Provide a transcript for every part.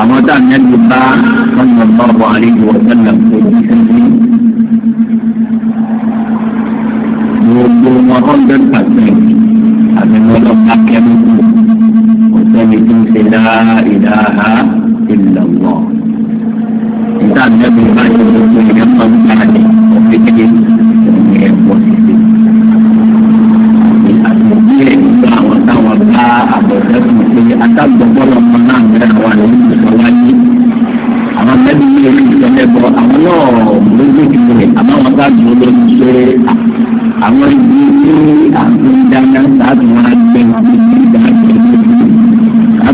àwọn tá à ń yẹ́bi bá sọ́nà ọ̀bọ̀ àlejò ọ̀sẹ̀lẹ̀ òbí sẹ́yìn. gbogbo wọn hundred percent àtẹnudọ́ akẹ́rù ọ̀sẹ̀lẹ̀ tó ń ṣe dáa ìdáhà ìlọ̀wọ̀. ìta àti yẹ́bi bá ṣe gbogbo ìyẹn pọ̀ nípa àdé ọ̀fẹ́ kékeré. àbẹ̀rẹ̀kù pé àtàgbọ̀gbọ́lọ̀ kan náà mẹ́rin wà lórí ìsọ wáyé àwọn mẹ́rin ní orí ìsọ lẹ́bọ̀ àwọn náà lójú ìsọ rẹ̀ àmọ́ àwọn bá dùn lórí ìsọ rẹ̀ àwọn ibi tí àti dáná láti wọn gbé wọn fi sí ìdájọ́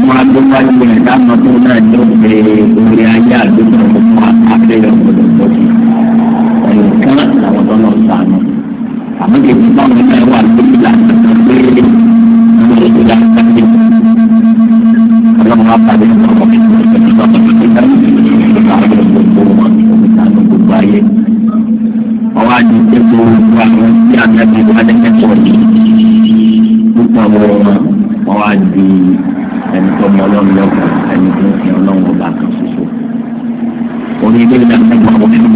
láti wọn gbé wọn gbé rẹ̀ dáná tó náà ní òkè orí ayé àdúgbò ọmọ abẹ́rẹ́ ọ̀gbọ̀dọ̀ tọ́jú ẹ̀yìn kan làwọn tọ́lọ̀ sànù àmọ́ kejì báwọn náà wà lórí ìlànà pé ọlọ́run lọ́kàn ẹni tó ń fi ọlọ́run ọba kan ṣoṣo. orí ilé ìdáná ẹgbẹ́ ọmọ ẹni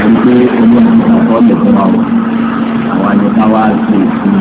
ẹni pé omi àwọn ọ̀pọ̀ lè fún wa àwọn àyíká wa ṣe ìsinmi.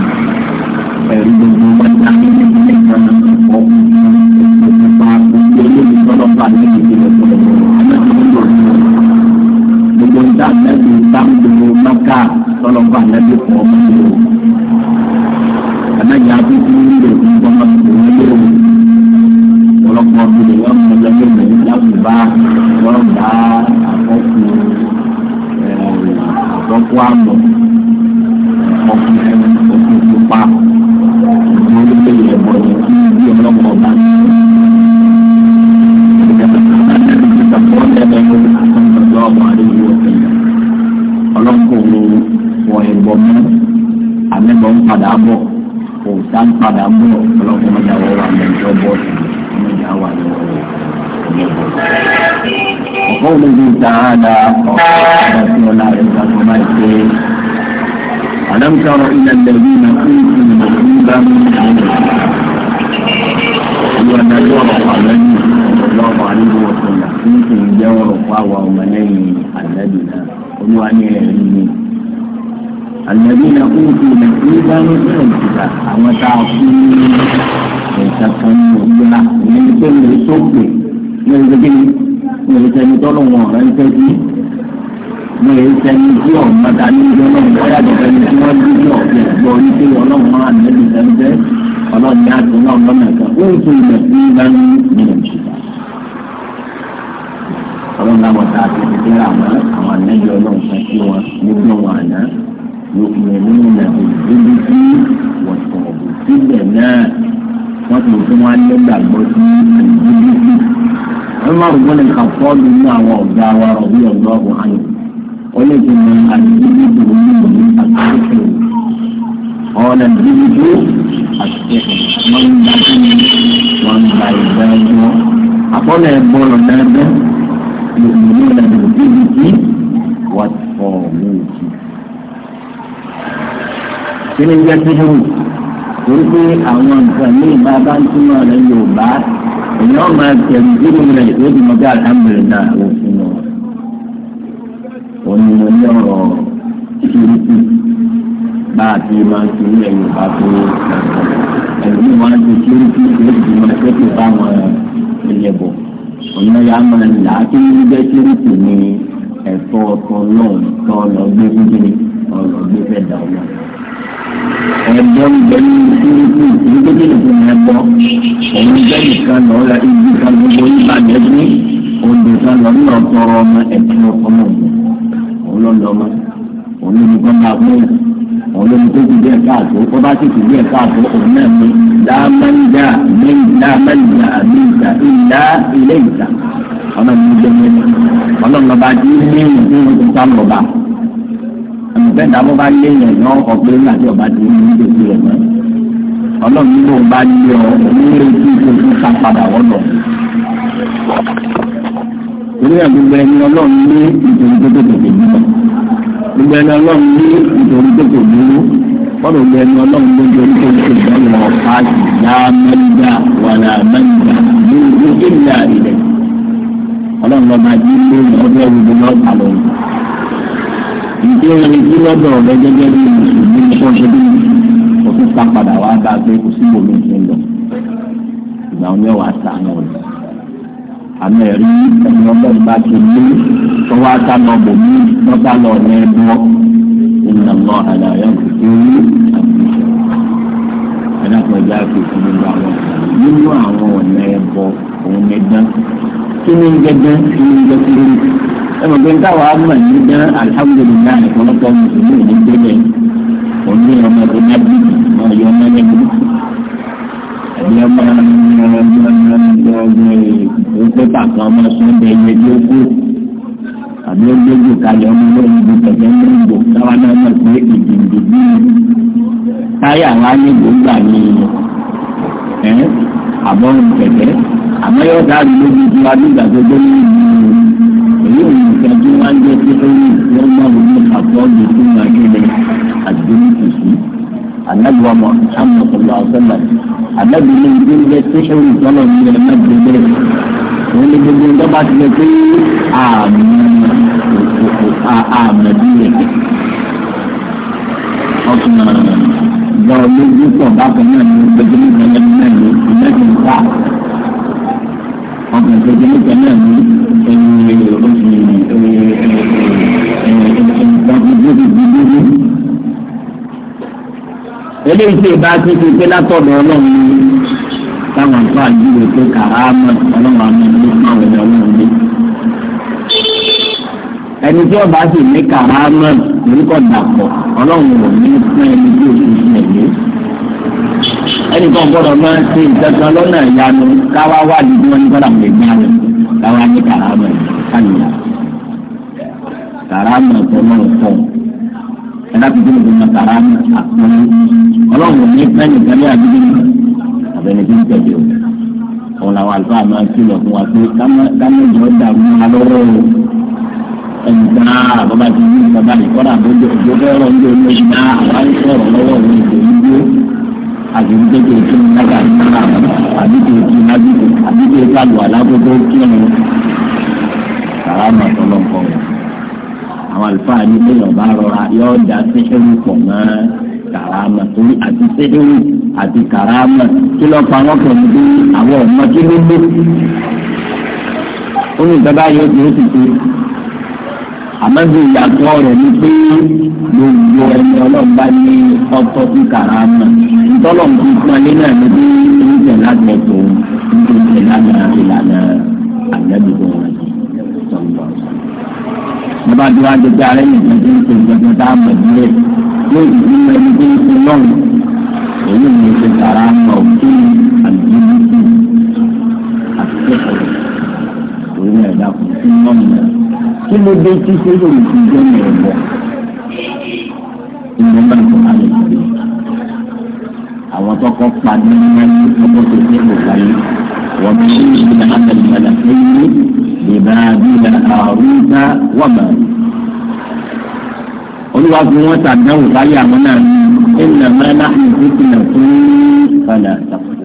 sẹ́ni tí ọ̀hún máa ta ní ìjọ náà wọ́n yàtọ̀ sẹ́ni tí wọ́n bí ní ọ̀sẹ̀ gbọ́ orí pé ọlọ́run máa ń lẹ́nu sẹ́ni bẹ́ẹ̀ ọlọ́run ní àti náà lọ́nà kan ó ń tún ilẹ̀ sí ìlànà ìlú ìṣẹ̀dá. ọlọ́run láwọn tá a ti ti dé àwọn àwọn àlejò ọlọ́run fẹ́ sí wọn nínú wọn àná yóò nínú ilẹ̀ òdìdí sí wọ̀tọ̀ síbẹ̀ náà wọ́n ti fún wa ní ìgbàgbọ́ sí ìdílé sí. wọ́n máa ń gbọ́dọ̀ àlẹ́ ìdílé àti wọ́n ń bá kí ni wọ́n ń bá ìgbà ẹjọ́. àkọọ́lẹ̀ bọ́ọ̀lù dáadáa lòmìnira ìlànà ìdílé tí wà fọ̀ lóòtù. kí ni jẹ́ síhùn? torí pé àwọn nǹkan ní ìbá bá ń túmọ̀ rẹ̀ Yorùbá èèyàn máa tẹ̀lé nínú rẹ̀ yóò di mọ́tò àtàmìlẹ̀ náà òfin náà. òní mo ní ọ̀rọ̀ ìṣirò tuntun bá a ti máa ti ní ẹ̀yìn bá tó ẹ̀bí wọn ti kí ó ti ṣe ti máa tẹ́tù báwọn ẹ̀yẹ bọ̀ ọ̀nà ya máa là á kí ní bẹ́ẹ̀ kí ó ti ní ẹ̀fọ́ ọkọ̀ náà tọ́ lọ gbé gbígbé ọ̀rọ̀ gbé fẹ́ dà ọ́ ẹ̀bọ ìgbẹ́ni ìṣúrúkú ìgbẹ́ni ìṣúrúkú ẹ̀bọ ẹ̀yin bẹ́ẹ̀ kan lọ́ọ́ la ibi kan gbogbo ìbàdàn ẹ̀dún òde kan lọ́ọ́ lọ́ọ́ tọrọ ọmọ ẹ̀kí ọkọ náà òun lọ́ọ́ lọ́ọ́ ní kọ́ máa fún olórí tó ti bẹ́ẹ̀ káàtó kó bá ti ti bẹ́ẹ̀ káàtó òun náà ni lámánjà lámánjà àbíjà ìlà ilé ìta ọmọ mi jẹ mi ọlọ́run ọba ti ní ìlú ìta lọ́ba àmọ̀fẹ́ dàbọ̀ bá lé yẹn náà ọ̀pẹ́ láti ọba ti ní ìlú ìta rẹ̀ mọ́ ọlọ́run ló bá lé ọ onílé tí kò tún ká padà wọ́lọ̀ orí ẹ̀ gbogbo ẹni ọlọ́run ní ìdòwò tó tó gbogbo ẹni ọlọ́run ní ìdòwú tó kò dúró wọ́n gbogbo ẹni ọlọ́run ló ń dorí tó kò dúró ọ̀pá ìyá mẹ́ta wàlà mẹ́ta ní ojú ìlà ilẹ̀ ọlọ́run lọ́ba jí ló ń ọjọ́ ìdí lọ́ta lọ. ìdí orin tí lọ́dọ̀ rẹ gẹ́gẹ́ bí mùsùlùmí ṣọ́ṣẹ́ bí òfin pa padà wá bá a pé kò sí gbòmìnir àmì ẹ̀rí ẹni ọlọ́run bá ti mú tó wá sá lọ bò mí tó bá lọ ní ẹbí wọn nínú ọmọ àdáyà kìkìrì ẹ̀dàpọ̀ ẹ̀dá kìkì nínú àwọn nínú àwọn ọ̀nà ẹ̀bọ òun ẹ̀dán kí ni gẹ́gẹ́ kí ni gẹ́gẹ́ ẹ̀rọ pé táwa mọ̀ ní dán alihamudulilayi ọ̀pọ̀lọpọ̀ mùsùlùmí ìyẹn máa ń lọ lọ lọ pépà kan ọmọ sọ́ndẹ̀ ìyẹn tí ó kú àbí ó gbégbò kalẹ̀ ọmọ lórí ibi kẹ̀kẹ́ lóńgbò káwa náà mọ̀ pé ìdìbò bí táyà wa ní gbòǹgbà ni ẹ̀ àbọ̀rùn kẹ̀kẹ́ àmọ́ yóò dárí lójú tí wàá dùgbà tó dé ní ìlú èyí ò ní ìfẹ́ tí wọ́n jẹ́ pé ó ní ìfẹ́ mọ́ òun ní fún wa kéde àdúgbò sí anabi wa muhammad sallallahu alaihi wa sallam anabi ní ibi ń bẹ sẹ́ṣẹ̀rì sọ́lọ̀ ní ẹ̀ má gbé bẹ́ẹ̀ wọ́n ní gbogbo ń dọ́gba ti lè pé àmì àmì rẹ̀ ọkùnrin gbọ́ lójú pọ̀ bákan náà ní gbẹgbẹ́ nígbà náà ní mẹ́rin ìmẹ́rin ká ọkùnrin gbẹgbẹ́ nígbà náà ní eléyìí tí ìbá ti fi pé látọ̀dọ̀ ọlọ́run táwọn àgbà yìí pé kàrámà ọlọ́run àmì ìlú máa wọlé ọlọ́run lé. ẹni tí ọba sì ní kàrámà lórúkọ dàpọ̀ ọlọ́run ò ní fún ẹni tí ò fi fún ẹ̀yẹ. ẹnì kan gbọ́dọ̀ máa ń ṣe ìtẹ́sán lọ́nà ìyanu káwá wà nínú ẹni gbọ́dọ̀ pè ní ààrẹ káwá ní kàrámà kánìyà kàrámà tó náà ẹ̀dákùnrin tó ń gbọ́n tààrà ní àpọ́nlé ọlọ́run ní fẹ́ẹ̀nì kẹ́lẹ́ àdúgbò àbẹ̀lẹ̀ tó ń tẹ̀lé o. òun làwọn àlùfáà máa ń kìlọ̀ fún wa pé dámẹ́jọ dàrú wa lọ́wọ́ o. ẹnì kan á bàbá ti ní bàbá yìí kọ́dà bójú òjòjò ọ̀rọ̀ ń lò lóyún náà àwọn sọ̀rọ̀ lọ́wọ́ òun ìgbò yíyó àgbègbè tó ti ń nága náà àbíkè tó ń nábìkè àbíkè kálù àlágbógbó kí àwọn àlùfáà ní ilé ọba rọra yóò da sẹ́kẹ̀rù pọ̀ mọ́ karama torí àti sẹ́kẹ̀rù àti karama kí ló pa wọ́n pọ̀ níbi àwọn ọmọ kí ló lé. ó ní ìjọba yóò di oṣù tó àmọ́bí ìyàtọ̀ rẹ̀ ni pé gbogbo ẹni ọlọ́mba ní ọtọ́ sí karama ìtọ́lọ́mù fún ẹni náà ni bí ń tẹ̀ lágbẹ̀ẹ́ tó ń tẹ̀ lágbẹ̀ẹ́ ìlànà àgbẹ̀bí tó wà ní sọ́ńdọ̀ọ̀sán bàbá tó wá gbẹgbẹ alẹ́ nìkan tó ń tó gbẹgbẹ tá a mọ̀ sílẹ̀ yóò sì fi mọ ẹni tó ń tó lọ́rùn èyí ni ṣe tààrà mọ̀ kí ni àdúgbò sí àtúntò orí ẹ̀dá kò sí lọ́rùn rẹ̀. kí ló dé tí ṣé yóò fi jẹ́ ní ẹ̀bọ̀ ìwọ̀n bá tó alẹ́ sílẹ̀ àwọn tọkọ padì ní wọn ní ọgbọ́n tó ṣe é kò wáyé wọn bí ń ìbáraẹnìlá àrùntà wàmà. olúwa fi wọn sàdánwò láyé àwọn náà ní ẹnìyà mẹ́ta ìlú ìpínlẹ̀ fún ìfàlẹ̀ àtàkùn.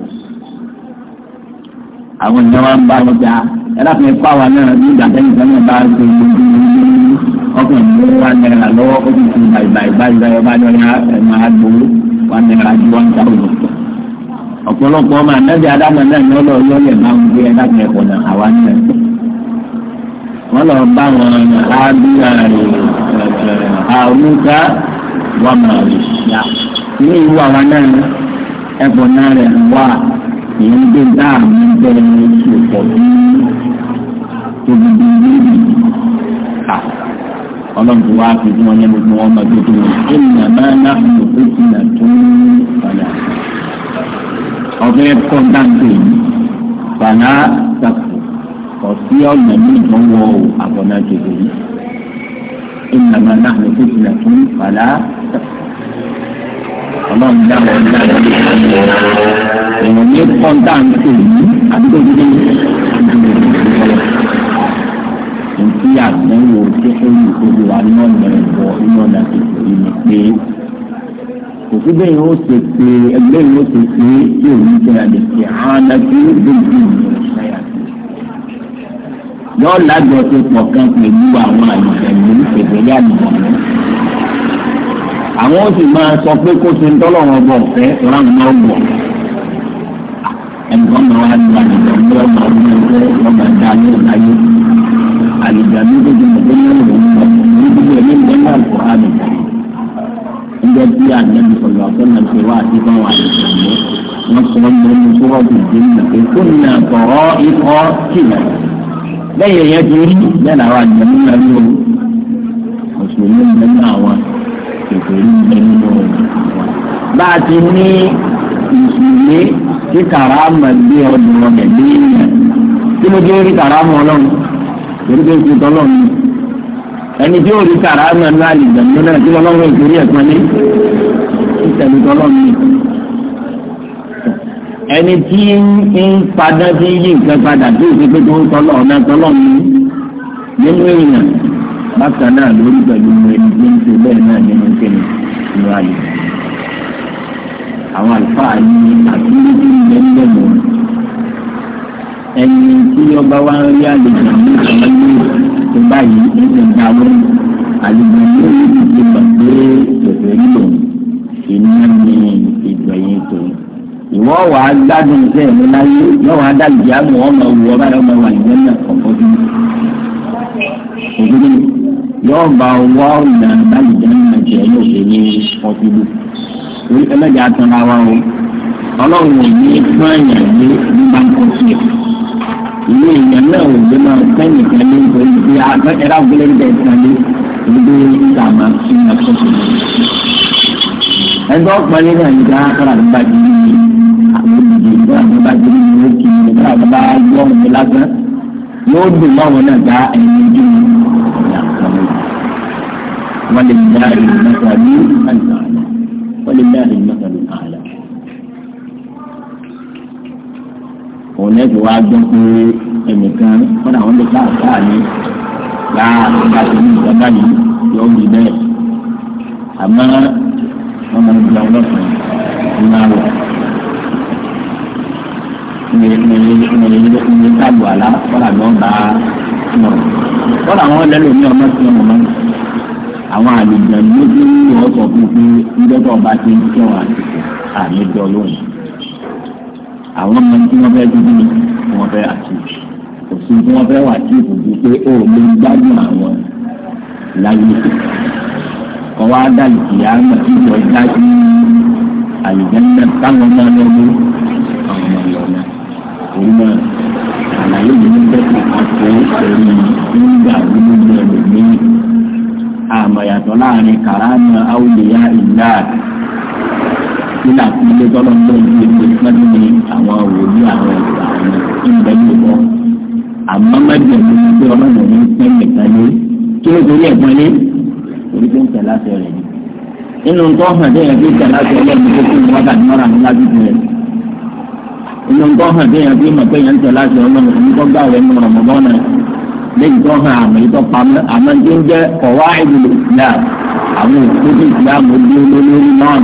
àwọn ìyá wa ń bá wọn jà ẹ̀rọ àfẹ́ pàwọ́ náà ní ìdàgbẹ́yìn sẹ́yìn bá ń gbé ọkùnrin ní wà náírà lọ́wọ́ ó ti fi báyìí báyìí báyìí báyìí bá yọ ẹ̀ wà náírà ju wọn ká òun ọ̀pọ̀lọpọ̀ ọmọ anájà adámọ̀ náà ní ọlọ́ọ̀yọ́ lè máa ń gbé ẹ̀dá kẹ́kọ̀ọ́ náà àwa náà wọ́n lọ bá wọn ábíyá àrùnká wọ́n mọ̀ ọ́lẹ̀. ní ìlú àwọn náà ẹ̀bùn náà rẹ̀ wà ìyẹn gbé dáàmú bẹ́ẹ̀ ní ìpọ̀ bí olùdíje ká ọlọ́run wá fi fún wọn yẹn gbogbo wọn máa gbé tó wọn ènìyàn máa ń náà fún òkú náà tó ń padà ọ̀fẹ́ kọ́ńtàǹtì yìí fàlà sàkó kò sí ọ̀nà míì tó wọ àbọ̀nà jòjò yìí ìnàmà náà ló fi jìnnà tó ń fàlà ọlọ́run dáwọ̀ dáwọ̀ lè fà mí èèyàn ní kọ́ńtàǹtì yìí àdúgbò yìí ìdúró ìdúró ntí àgbẹ̀wò tí ẹ̀yìn ìkóbi wa ní ọ̀nà ẹ̀bọ̀ ní ọ̀nà bẹ́ẹ̀ ó ṣe pé ẹgbẹ́ yìí ṣe pé tí òun jẹ́ àdèkè ànágbé lójú ìrìn ìṣẹ́yà yóò lájọṣepọ̀ kan pẹ̀lú àwọn àlùfẹ̀lú ìpèsèlè àlùfẹ̀lú. àwọn ó sì máa sọ pé kó ṣe ń tọ́lọ̀rọ̀ bọ̀ fẹ́ ráhùn náà bọ̀. ẹnìkan máa wá lu àlùfẹ̀lú ní ọmọ ọdún ẹgbẹ́ ọmọ ẹ̀dá ní ọ̀láyé. àlùfẹ̀lú tó ti mọ̀ pé ní ọ̀rọ̀ ń bọ̀ ní gbogbo ẹ̀mí ìgbẹ́ náà kọ́ àmì. ẹgbẹ́ tí àgbẹ̀bí sọ̀rọ̀ àti lẹ́yìn èèyàn ti rí lẹ́nu àwọn àjẹ́ nínú ẹ̀rí o mùsùlùmí nínú àwọn kékeré nínú àwọn. bá a ti ní mùsùlùmí tí kàràmà gbé ọdún ọ̀gẹ̀ dé yẹn tí mo jẹ́ rí kàràmà ọlọ́run torí pé kí tọ́lọ́run ẹni tí ó rí kàràmà náà lè gbẹ̀mí náà tí ọlọ́run ìkórè ẹ̀kan ní ìtẹ̀lẹ́tọ́lọ́run nìkan ẹni tí ń padà sí yí nǹkan padà tó ìṣe pé tó ń tọ́lọ̀ ọ̀nà tọ́lọ̀ mi nínú èèyàn bákan náà lórí pẹ̀lú ẹni tí ń ṣe bẹ́ẹ̀ náà nínú kéde ìlú ayé. àwọn àlùfáà ní àtúndí tí ẹni tí ọba wa rí àlejò ní ìṣẹ̀lẹ̀ tó báyìí ní ìgbà wọn àlejò ní orí ti ti gbà pé tẹ̀sẹ̀ nílò ìnáni ìgbẹ̀yìn tòun ìwọ wà á gbádùn ìfẹ́ mi láyé ìwọ wà á dàgbé àmọ́ ọmọ wù ọ báyọ̀ ọmọ wà ìwé náà kọ̀ọ̀kan bí òdodo yóò bá wọ́ ọ̀nà àbájáde náà jẹ́ yóò ṣe ní ọ̀fíìlú orí ẹlẹ́jà tanra wa o ọlọ́run ò ní fáyà ní nígbà kọ̀ọ̀kan ilé ìyẹn náà ò gbé máa sẹ́yìn kan ní nítorí pé ẹ̀rá gbélé bẹ̀ kan ní ìlú ìtàmà bàjẹ́ ní ìlú kì í nígbà tó bá yọ ọ̀rọ̀ lásán yóò dùn mọ́ àwọn náà dá ẹ̀yìn ojú mi. wọ́n lè dá ìlú mẹ́ta ní àná wọ́n lè dá ìlú mẹ́ta ní àná. òun náà ti wá gbọ́ pé ẹnìkan fúnra wọn lè ká àṣà ní láàrin ìgbà tó ní ìgbà báyìí yóò rí bẹ́ẹ̀ àmọ́ wọn máa ń gbé ọlọ́sàn ní máa wọ̀ mẹ̀lẹ́lẹ́ tábù àlá kọ́là lọ́ bá nọ̀rọ̀. kọ́là àwọn ọ̀dẹ́lẹ̀ mi ọmọ sí ọmọ mọ́ni. àwọn àlejò méjì ń wọ́n sọ fún pé ndọ́tọ̀ ọba ti ń tẹ̀ wọ́n àtìkù àmì jọ lóhùn. àwọn ọmọ tí wọ́n fẹ́ dúdú ni wọ́n fẹ́ àtìkù. kò sí tí wọ́n fẹ́ wà tí ìbùdó pé ó lè gbádùn àwọn láyé. kọ́wá dàlù kìá mọ̀ sí ìjọ ìdájú àlùjẹ́ náà táwọn ọmọ ọlọ́run àwọn ọmọ ọlọ́run torí náà àlàyé yìí ní bẹ́ẹ̀ àti ẹ̀rí nígbà nínú ẹ̀rọ ní àmọ̀yàtọ̀ láàrin kàránà áwùlẹ̀yà ìlà nígbà tí ilé tọ́lọ́ ń lọ sí ẹgbẹ́ pẹ́lú ní àwọn òwòlí àwọn ìgbà àwọn ìgbà yìí bọ́ àmọ́ mẹ́jọ ní ti ọlọ́run ní pẹ́ẹ́lẹ̀ kálé kí ló torí ẹ̀gbọ́n lé torí tó ń tẹ̀ láti rẹ̀ nínú tó hàn dé ẹ̀gbẹ́ tẹ̀ láti ọlọ́run tó kún wákàtí mọ́ra ní lábíbi rẹ̀ inú nǹkan hàn téèyàn fi mọ̀ pé yẹn tẹ̀ láti ọlọ́run òun kọ́ gbà rẹ̀ nínú Ramadan náà tó hàn àmì tó pamọ́ àmọ́ tí ó jẹ́ ọ̀wá ìlú Islam àwọn òṣèlú Islam ó dé olórí náà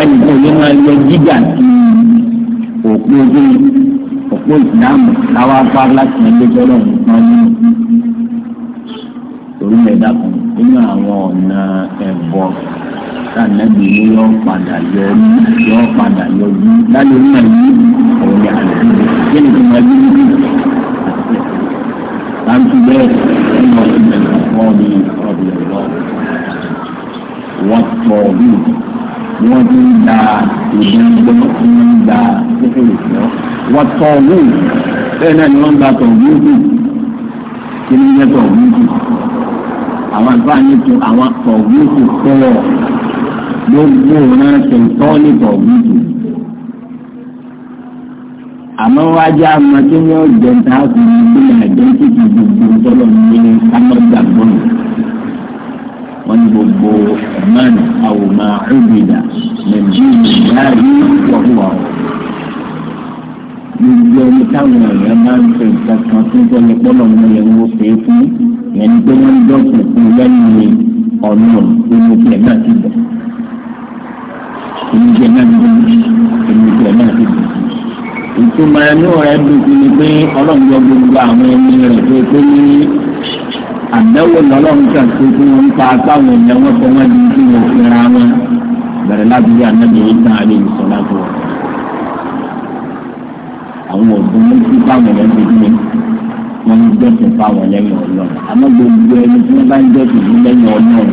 ẹnì tó yẹ máa yẹ jíjà sí òpó ojú òpó Islam láwa pa láti ẹgbẹ́ tọ́lọ̀ nǹkan ní torí mẹ́ta kan nínú àwọn ọ̀nà ẹ̀bọ sànẹ́bí ni yọ padà yọ yọ padà yọ bí lálẹ́ ní ẹ̀yìn ọ̀rẹ́ àlẹ́ kí ni ìgbà yìí ní ìgbà láti bẹ́ẹ̀ ẹ̀yìn ọ̀rẹ́ ìgbà fọ́ mi ọ̀rẹ́ ìgbà wọ́n tọ̀ bí wọ́n ti ń da ìgbà gbọ́ tí wọ́n ń da kékeré lọ wọ́n tọ̀ bí bẹ́ẹ̀ náà ni wọ́n ń da tọ̀ bí ó kù kí ni ń yẹ tọ̀ bí ó kù àwọn àgbà ní tu àwọn tọ̀ bí ó kù tọ̀ gbogbo ìran ṣèǹtọ́ọ̀lì tọ̀gbìtì. àmọ́ wájú àmọ́ tí wọ́n jẹ ń ta kù ní ilé àjẹ́sìkì gbogbo tọ́lọ̀ ní amọ́gbàgbọ́ wọ́n ní gbogbo man àwòmá ọ̀gbìnà nàìjíríà yìí wọ́pọ̀ gbogbo ẹni táwọn èèyàn máa ń pè kankan tó ń tọ́lé pọ́lọ̀ mọ́ yẹn wọ́n pè fún yẹn ni wọ́n ń dọ́kun fún ọ̀nà ìlú tí ẹ̀ náà oúnjẹ náà ní oúnjẹ náà ti dùn ìtumọ̀ ẹnu rẹ̀ dùn ni pé ọlọ́run gbogbo àwọn ẹni rẹ̀ tó tó ní àdẹ́wò lọ́lọ́run tó tó ń pa sáwọn ènìyàn wọn tó wọ́n di tí wọ́n fi wọn bẹ̀rẹ̀ láti rí ànábì yìí tán àlè ìsọ̀lá tó wọ̀ àwọn òbí ní kí fáwọn ẹ̀yẹ́ ti dùn wọn ń gbẹ̀sẹ̀ fáwọn lẹ́yìn ọlọ́run àmọ́ gbogbo ẹni tí wọ́n bá ń gbẹ̀sẹ̀ lẹ́yìn ọlọ́run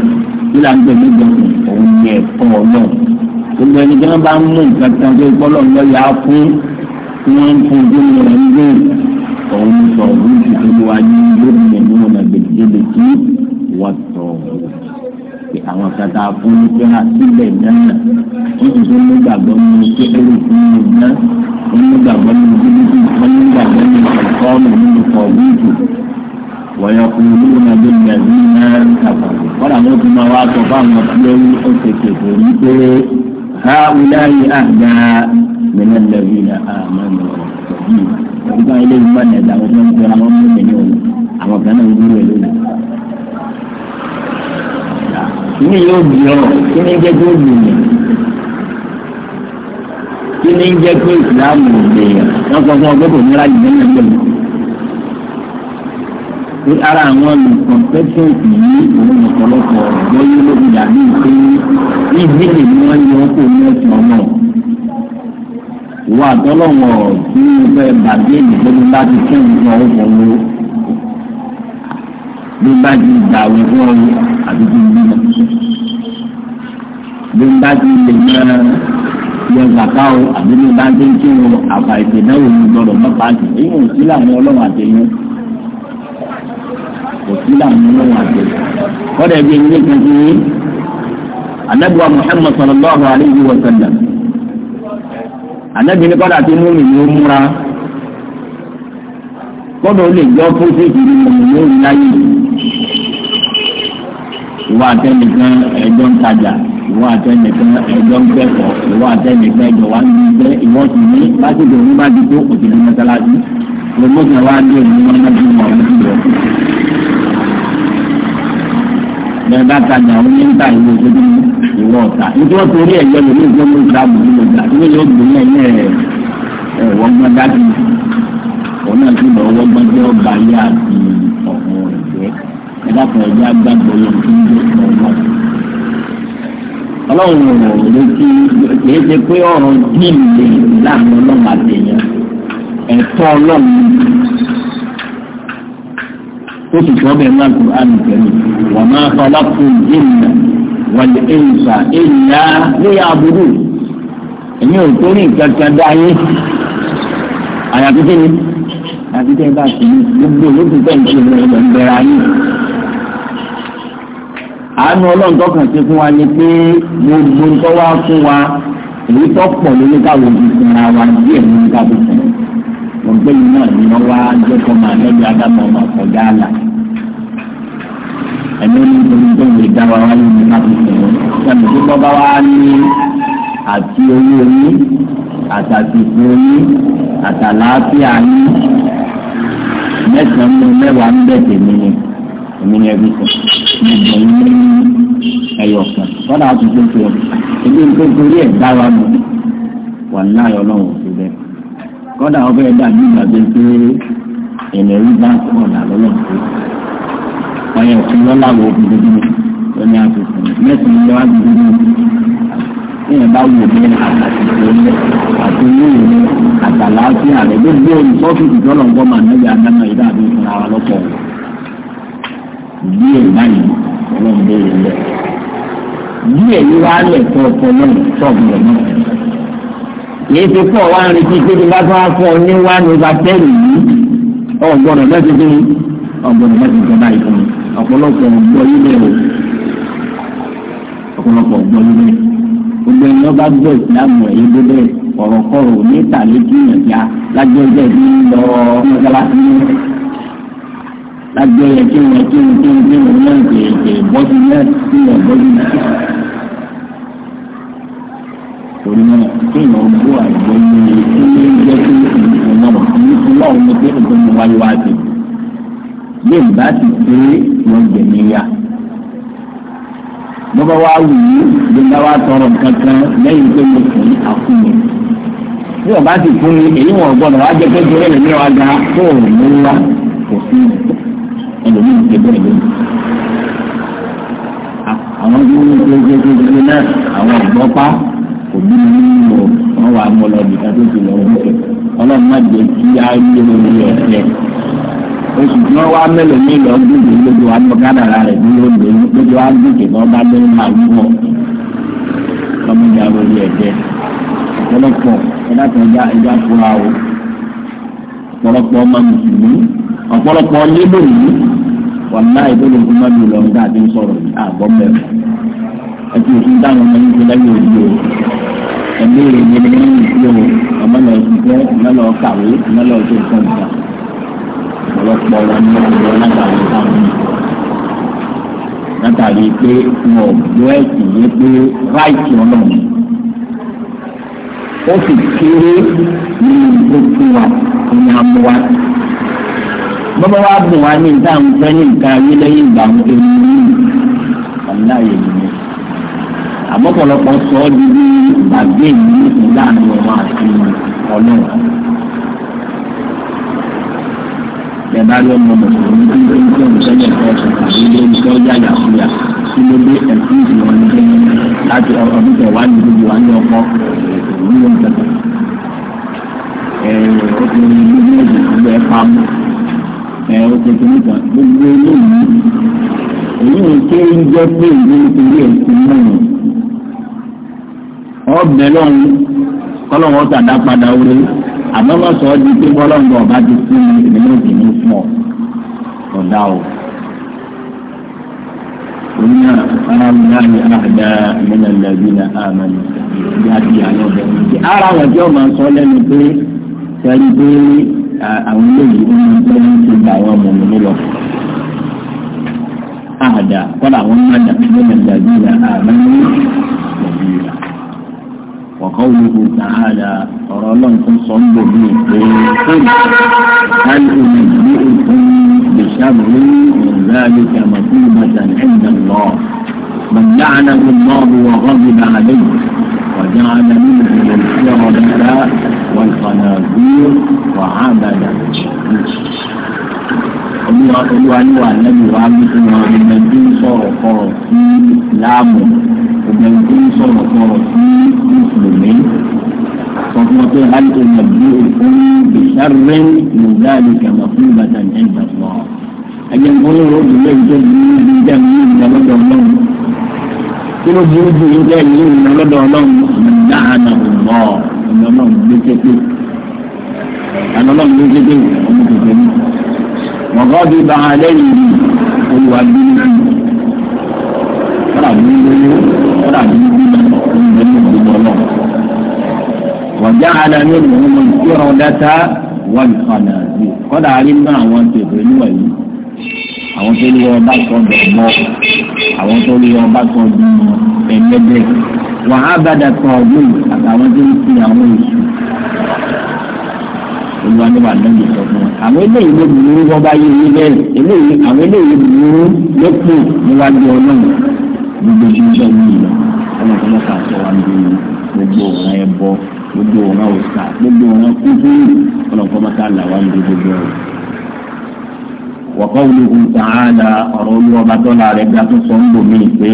gbogbo ẹni tí wọ́n bá ń mú nǹkan tí wọ́n fi gbọ́dọ̀ lọ yà á fún tí wọ́n ń fún ojú mi rẹ̀ ń gbé òun sọ òun ti tó lu ayé lórí ẹ̀ nínú ọ̀nà gbèdéde tí wọ́n tọ̀ pé àwọn kata fún iṣẹ́ àtìlẹ̀ náà wọ́n ti tó mú gbàgbọ́ nínú iṣẹ́ ẹ̀rọ fún mi náà wọ́n mú gbàgbọ́ nínú bíbí wọ́n mú gbàgbọ́ nínú ọ̀kọ́ọ̀nù nínú kọ̀ọ̀bù wọ̀nyọ̀kùnrin náà bí ìyàgbé náà kàkọ́ kọ́dà mọ́ fi máa wá sọ fáwọn ọ̀sẹ̀ kẹfẹ́ rí pé هؤلاء أهدى من الذين آمنوا سبيلا nígbà ilé ìgbà nẹ̀dá wọn fún ìjọra wọn mú ìdílé òun àwọn kan náà ń dúró ẹ lónìí. kíni yóò bí ọ kíni jẹ́ tó lù mí kíni jẹ́ tó ìsìlámù lè yàn wọ́n sọ fún ọ pé nínú ẹgbẹ́ mi pé ara àwọn olùkọ́ńtẹ́sẹ̀ yìí òun ọ̀pọ̀lọpọ̀ ọ̀gbọ́n yìí ló fi dàbí pé ibi lè mú wọn yọ kó ní ẹ̀sìn ọmọ. Ìwà àtọ́lọ́wọ̀ tí mo fẹ́ bàjẹ́ ìdílé bá ti kí n lọ ọ̀pọ̀ wo. Bí bá ti dàwé fún ọ àti ti bímọ. Bí bá ti lè máa yọ gbàgbá o àbí bí bá ti ń kí wọn àfàìsè náà ò ní gbọdọ̀ mọ́pàá jù. Èyí ò sí làwọn ọlọ́run àtẹ̀yìn kò sí dààmú nínú wọn àti wọn dẹ̀ bí ẹni kan fún yín anabiwa muhammad sallallahu alayhi wa sallam anabi ní kọ́dà tó mú mi ní ó múra kọ́dà ó lè jọ fún sí ìdílé mi ní ó láyé ìwọ àtẹnìkan ẹjọ́ ń tajà ìwọ àtẹnìkan ẹjọ́ ń kẹ́kọ̀ọ́ ìwọ àtẹnìkan ẹjọ́ wa ń gbẹ ìwọ sì ní lásìkò oníbàdìgbò òtítù mọ́sálásí gbogbo kan wá dé ní wọn náà bí wọn ń lọ. bẹ́ẹ̀ bá tajà ó ní níta ìlú ojú ní ìwọ ọ̀tá nítorí wọn torí ẹ̀yẹ lò ní ìjọba ìgbà àbùkù lò dà tí wọn yóò gbé lẹ́yìn ẹ̀ ẹ̀ wọ́gbọ́n dájú òun náà sì lọ wọ́gbọ́n jẹ́ ọba ayé àti ọ̀hún ẹ̀jẹ̀ ẹ̀dá kan ẹ̀jẹ̀ agbágbọ́ lọ sí ilé ọ̀gbọ́n ọlọ́run ò lè kí kìí ṣe pé ọ̀rọ̀ díìmù lè láàmú ọlọ́run àtẹ̀yìn ẹ̀tọ́ ọlọ́run ó sì sọ bẹ́ẹ̀ náà kó àmì pẹ̀lú wọ́n máa fọlá fún ìdíyìnà wọ́n lè ẹ̀yìnsà ẹ̀yìnà ní àbúrò èmi ò tó ní kankan dáyé àyàfi kí ni àti tẹ́ bá ti gbogbo olóògùn bẹ́ẹ̀ ń ṣe ìrẹ̀lẹ̀ ń bẹ̀rẹ̀ ayé àánú ọlọ́run tó kàn sí fún wa ni pé gbogbo tó wá fún wa èyí tó pọ̀ lórí káwọn òbí fúnra wa díẹ̀ lórí káwọn ọgbẹ́ yìí náà ni wọ́n wá jẹ́kọ̀ọ́ máa lẹ́yìn adámọ̀ ọmọ ọ̀gá àlà. ẹ̀mí nítorí tó lè dá wa wáyé ní káfíńsì wọn. sẹ́mi tó bọ́ bá wá ní àti owó yín àtàtìkù yín àtàlàáfíà yín mẹ́sàn-án mẹ́wàá ń bẹ̀ tèmi ni èmi ni ẹbí kan mo bọ̀ ní ẹyọ kan kọ́dà àtúntò tó ebi nítorí ẹ̀ dá wa mọ̀ wà ní àyọ̀ náà kọ́dà ọbẹ̀ dàbí ìgbàgbé pé ẹ̀lẹ́ rí bá ọ̀dà lọ́lọ́ pé ọyẹ òfin lọ́la wo gbogbo lóní àtúntò mẹ́sàn lọ́wọ́ gbogbo ìyẹn bá wò ní àtàkùn ìṣẹ̀lẹ̀ àti olóyè ní àtàlàáfíà àrẹ gbogbo olùsọ́fíìsì tọ́lọ̀ ń bọ́ màá níbi ìdá àbí ìfúnra wa lọ́pọ̀ díẹ̀ báyìí ọlọ́run lórí rẹ̀ díẹ̀ yìí wá lẹ̀ tọ́ ọpọlọ yìí ti fún ọ wá ń retí pé bí bá tún wá fún ọ ní wá ní ọba yìí ọ̀gbọ́dọ̀ bẹ́ẹ̀ ti fún mi ọ̀gbọ́dọ̀ ti fún báyìí fún mi ọ̀pọ̀lọpọ̀ gbọ́ yí bẹ́ẹ̀ o ọ̀pọ̀lọpọ̀ gbọ́ yí bẹ́ẹ̀ gbogbo ẹni ọba gbọ́ ìsìlámù ẹ̀ yé bẹ́ẹ̀ ọ̀rọ̀kọ̀rọ̀ ní ìtàlẹ́jì ìyànjá lájọ́ ẹgbẹ́ bí lọ mọ́sálásí lájọ́ torí kéèyàn bú àìgbọ́ ní ilé ilé jẹ́ pé ìlú náà ní ọlọ́run ní pé ìlú mi wáyé wá sí bí ìgbà ti pé wọn jẹ níyà bọ́bá wa wù ú gbẹ̀dá wa tọrọ kankan lẹ́yìn pé mo kì í àkúnyẹ bí wọn bá ti fún mi èyí wọn gbọ́dọ̀ wá jẹ pé torí ẹlẹmí wa ga kó o mú wa kò sí ẹlòmíì ti bẹ̀rẹ̀ lónìí àwọn bí wọn gbé gbé gbé náà àwọn ìgbọ́pá òbí mi lò wọn wà mọ lọ bìtá tó ti lọ wọlé ọlọ́run má jẹ kí á yé orí ẹsẹ oṣù tí wọn wá mélòó mi lọ gbèdé lójú wa mọ kádàrà rẹ ní lóde lójú wa gbèdé kí wọn bá lé máa ń bọ ọmọ ìyá orí ẹsẹ ọ̀pọ̀lọpọ̀ ẹ̀dá tó ń já ẹja fúra o ọ̀pọ̀lọpọ̀ ọmọ mùsùlùmí ọ̀pọ̀lọpọ̀ lébòmí wàlúwàá ìdókòwò fún mọ́tò lọ́wọ́ dáadé sọ̀rọ̀ àbọ̀mẹ́rẹ̀ àti òfin dáhùn ọmọ yìí láyé òbí o ẹgbẹ́ ìrìn ní ìlú o ọmọ lọ ṣiṣẹ́ ọmọ lọ kàwé ọmọ lọ ṣe fún ìta ọ̀pọ̀lọpọ̀ wọn ní látàrí táwọn yìí látàrí pé wọn ò gbọ́ ẹ̀sìn pé ráìtì ọlọ́run ó sì kéré ní ìlú wa ní amúwa bọ́bá wa bùn wá ní ìta fẹ́ ní ìta ayé lẹ́yìn ìgbà wọn tó ní ìlú ọ̀la yẹn ni àmọ́ pọ̀lọpọ̀ sọ ọ́ di bí bàbá èmi ìlànà ọ̀rọ̀ àti ọ̀nà. Bẹ̀rẹ̀ ló mọ mùsùlùmí tí ó ń tẹ̀ ń sẹ́yìn ẹ̀kọ́ ilé iṣẹ́ ọjà yàkúyà tí ló dé ẹ̀sìn ìwọ̀n ní láti ọdún tẹ̀wá ní gbogbo wa ní ọkọ ìlú ìjọba. Ẹ̀rọ ọkùnrin ní ilé ìjọba ẹ̀ pa mọ́. Ẹ̀rọ ọkùnrin níta gbogbo eléyìí. Èyí ò ṣe ń jẹ́ pé ìlú nítorí ẹ̀sìn náà ọbẹ̀ lọ́run kọ́lọ́wọ́ tàdá padà wọlé àmọ́ wọ́n sọ ọ́ di pé bọ́lọ́ǹgọ̀ ọba ti fún mi nínú ìdílé fún ọ ọ̀dà o. Oníyà ara mi náà ní àdá ìmọ̀nà ìlàjì náà àmà ní ìdí àti àwọn ọ̀dọ́ mi jẹ́. Ara àwọn ẹ̀jẹ̀ ọ̀ma sọ lẹ́nu pé sẹ́ni pé àwọn eléyìí ń bẹ́ ní ti gba àwọn ọmọ mi lọ. Àdá kọ́lá àwọn mọ̀nà ìlàjì náà àmà ní ìdí وقوله تعالى ترى لكم صلوا بكم هل أنبئكم بشر من ذلك مثوبة عند الله من لعنه الله وغضب عليه وجعل منه القردة والخنازير وعبد olúwa olúwa níwà lẹ́nu wa ní fún wa ọmọ ẹni tó ń sọ̀rọ̀ kọ̀rọ̀ sí ìsìláàmù ọmọ ẹni tó ń sọ̀rọ̀ kọ̀rọ̀ sí mùsùlùmí sọ̀tún pé hàlùkò nàbí òfin bìsàrẹ́ nùgbàlì kàmá fún bàtà ní ẹ̀dá pọ̀. ẹ̀jẹ̀ ń fọ́nrán ròdù lẹ́yìn tó bí ní ìjà mi ní ìdálọ́dọ̀ ọlọ́run kí ló bí ojú ìjà mi ní ìdálọ́dọ̀ ọlọ́run ìdáhànà ọlọ́run ló kékeré ọ̀nà ọlọ́run ló kékeré wàgọ́dù bá a lẹ́yìn olùwà bínú kọ́dà bínú lóyún kọ́dà bínú bínú lóyún gbogbo náà. wàjà àdàmì ìwọ̀n ìrọ̀ dáta wà ìfàdà sí kọ́dà arínú àwọn tètè níwà yìí àwọn tó lé ọba sọ dọ̀gbọ́ àwọn tó lé ọba sọ di ẹ̀ẹ́dẹ́gbẹ́ wàhábàdà kan ọdún àtàwọn tó ń fi àwọn èṣù olúwa ní wàá lẹ́yìn sọ fún wọn. àwọn eléyìí ló burú wọn bá yé ilé bẹ́ẹ̀ eléyìí àwọn eléyìí burú lẹ́kùn níwájú ọlọ́run gbogbo ìṣiṣẹ́ yìí lọ ọmọ tó lọ́ka sọ wa ní gbogbo ọ̀ràn ẹbọ gbogbo ọ̀ràn òṣà gbogbo ọ̀ràn kúkú ọlọ́kọ́ mọ́ta là wá ní gbogbo ọ̀ràn. wọ́kọ́ wuli kùn sàádà ọ̀rọ̀ olúwa bá tọ́lá rẹ̀ bí a sọ ń bò mí pé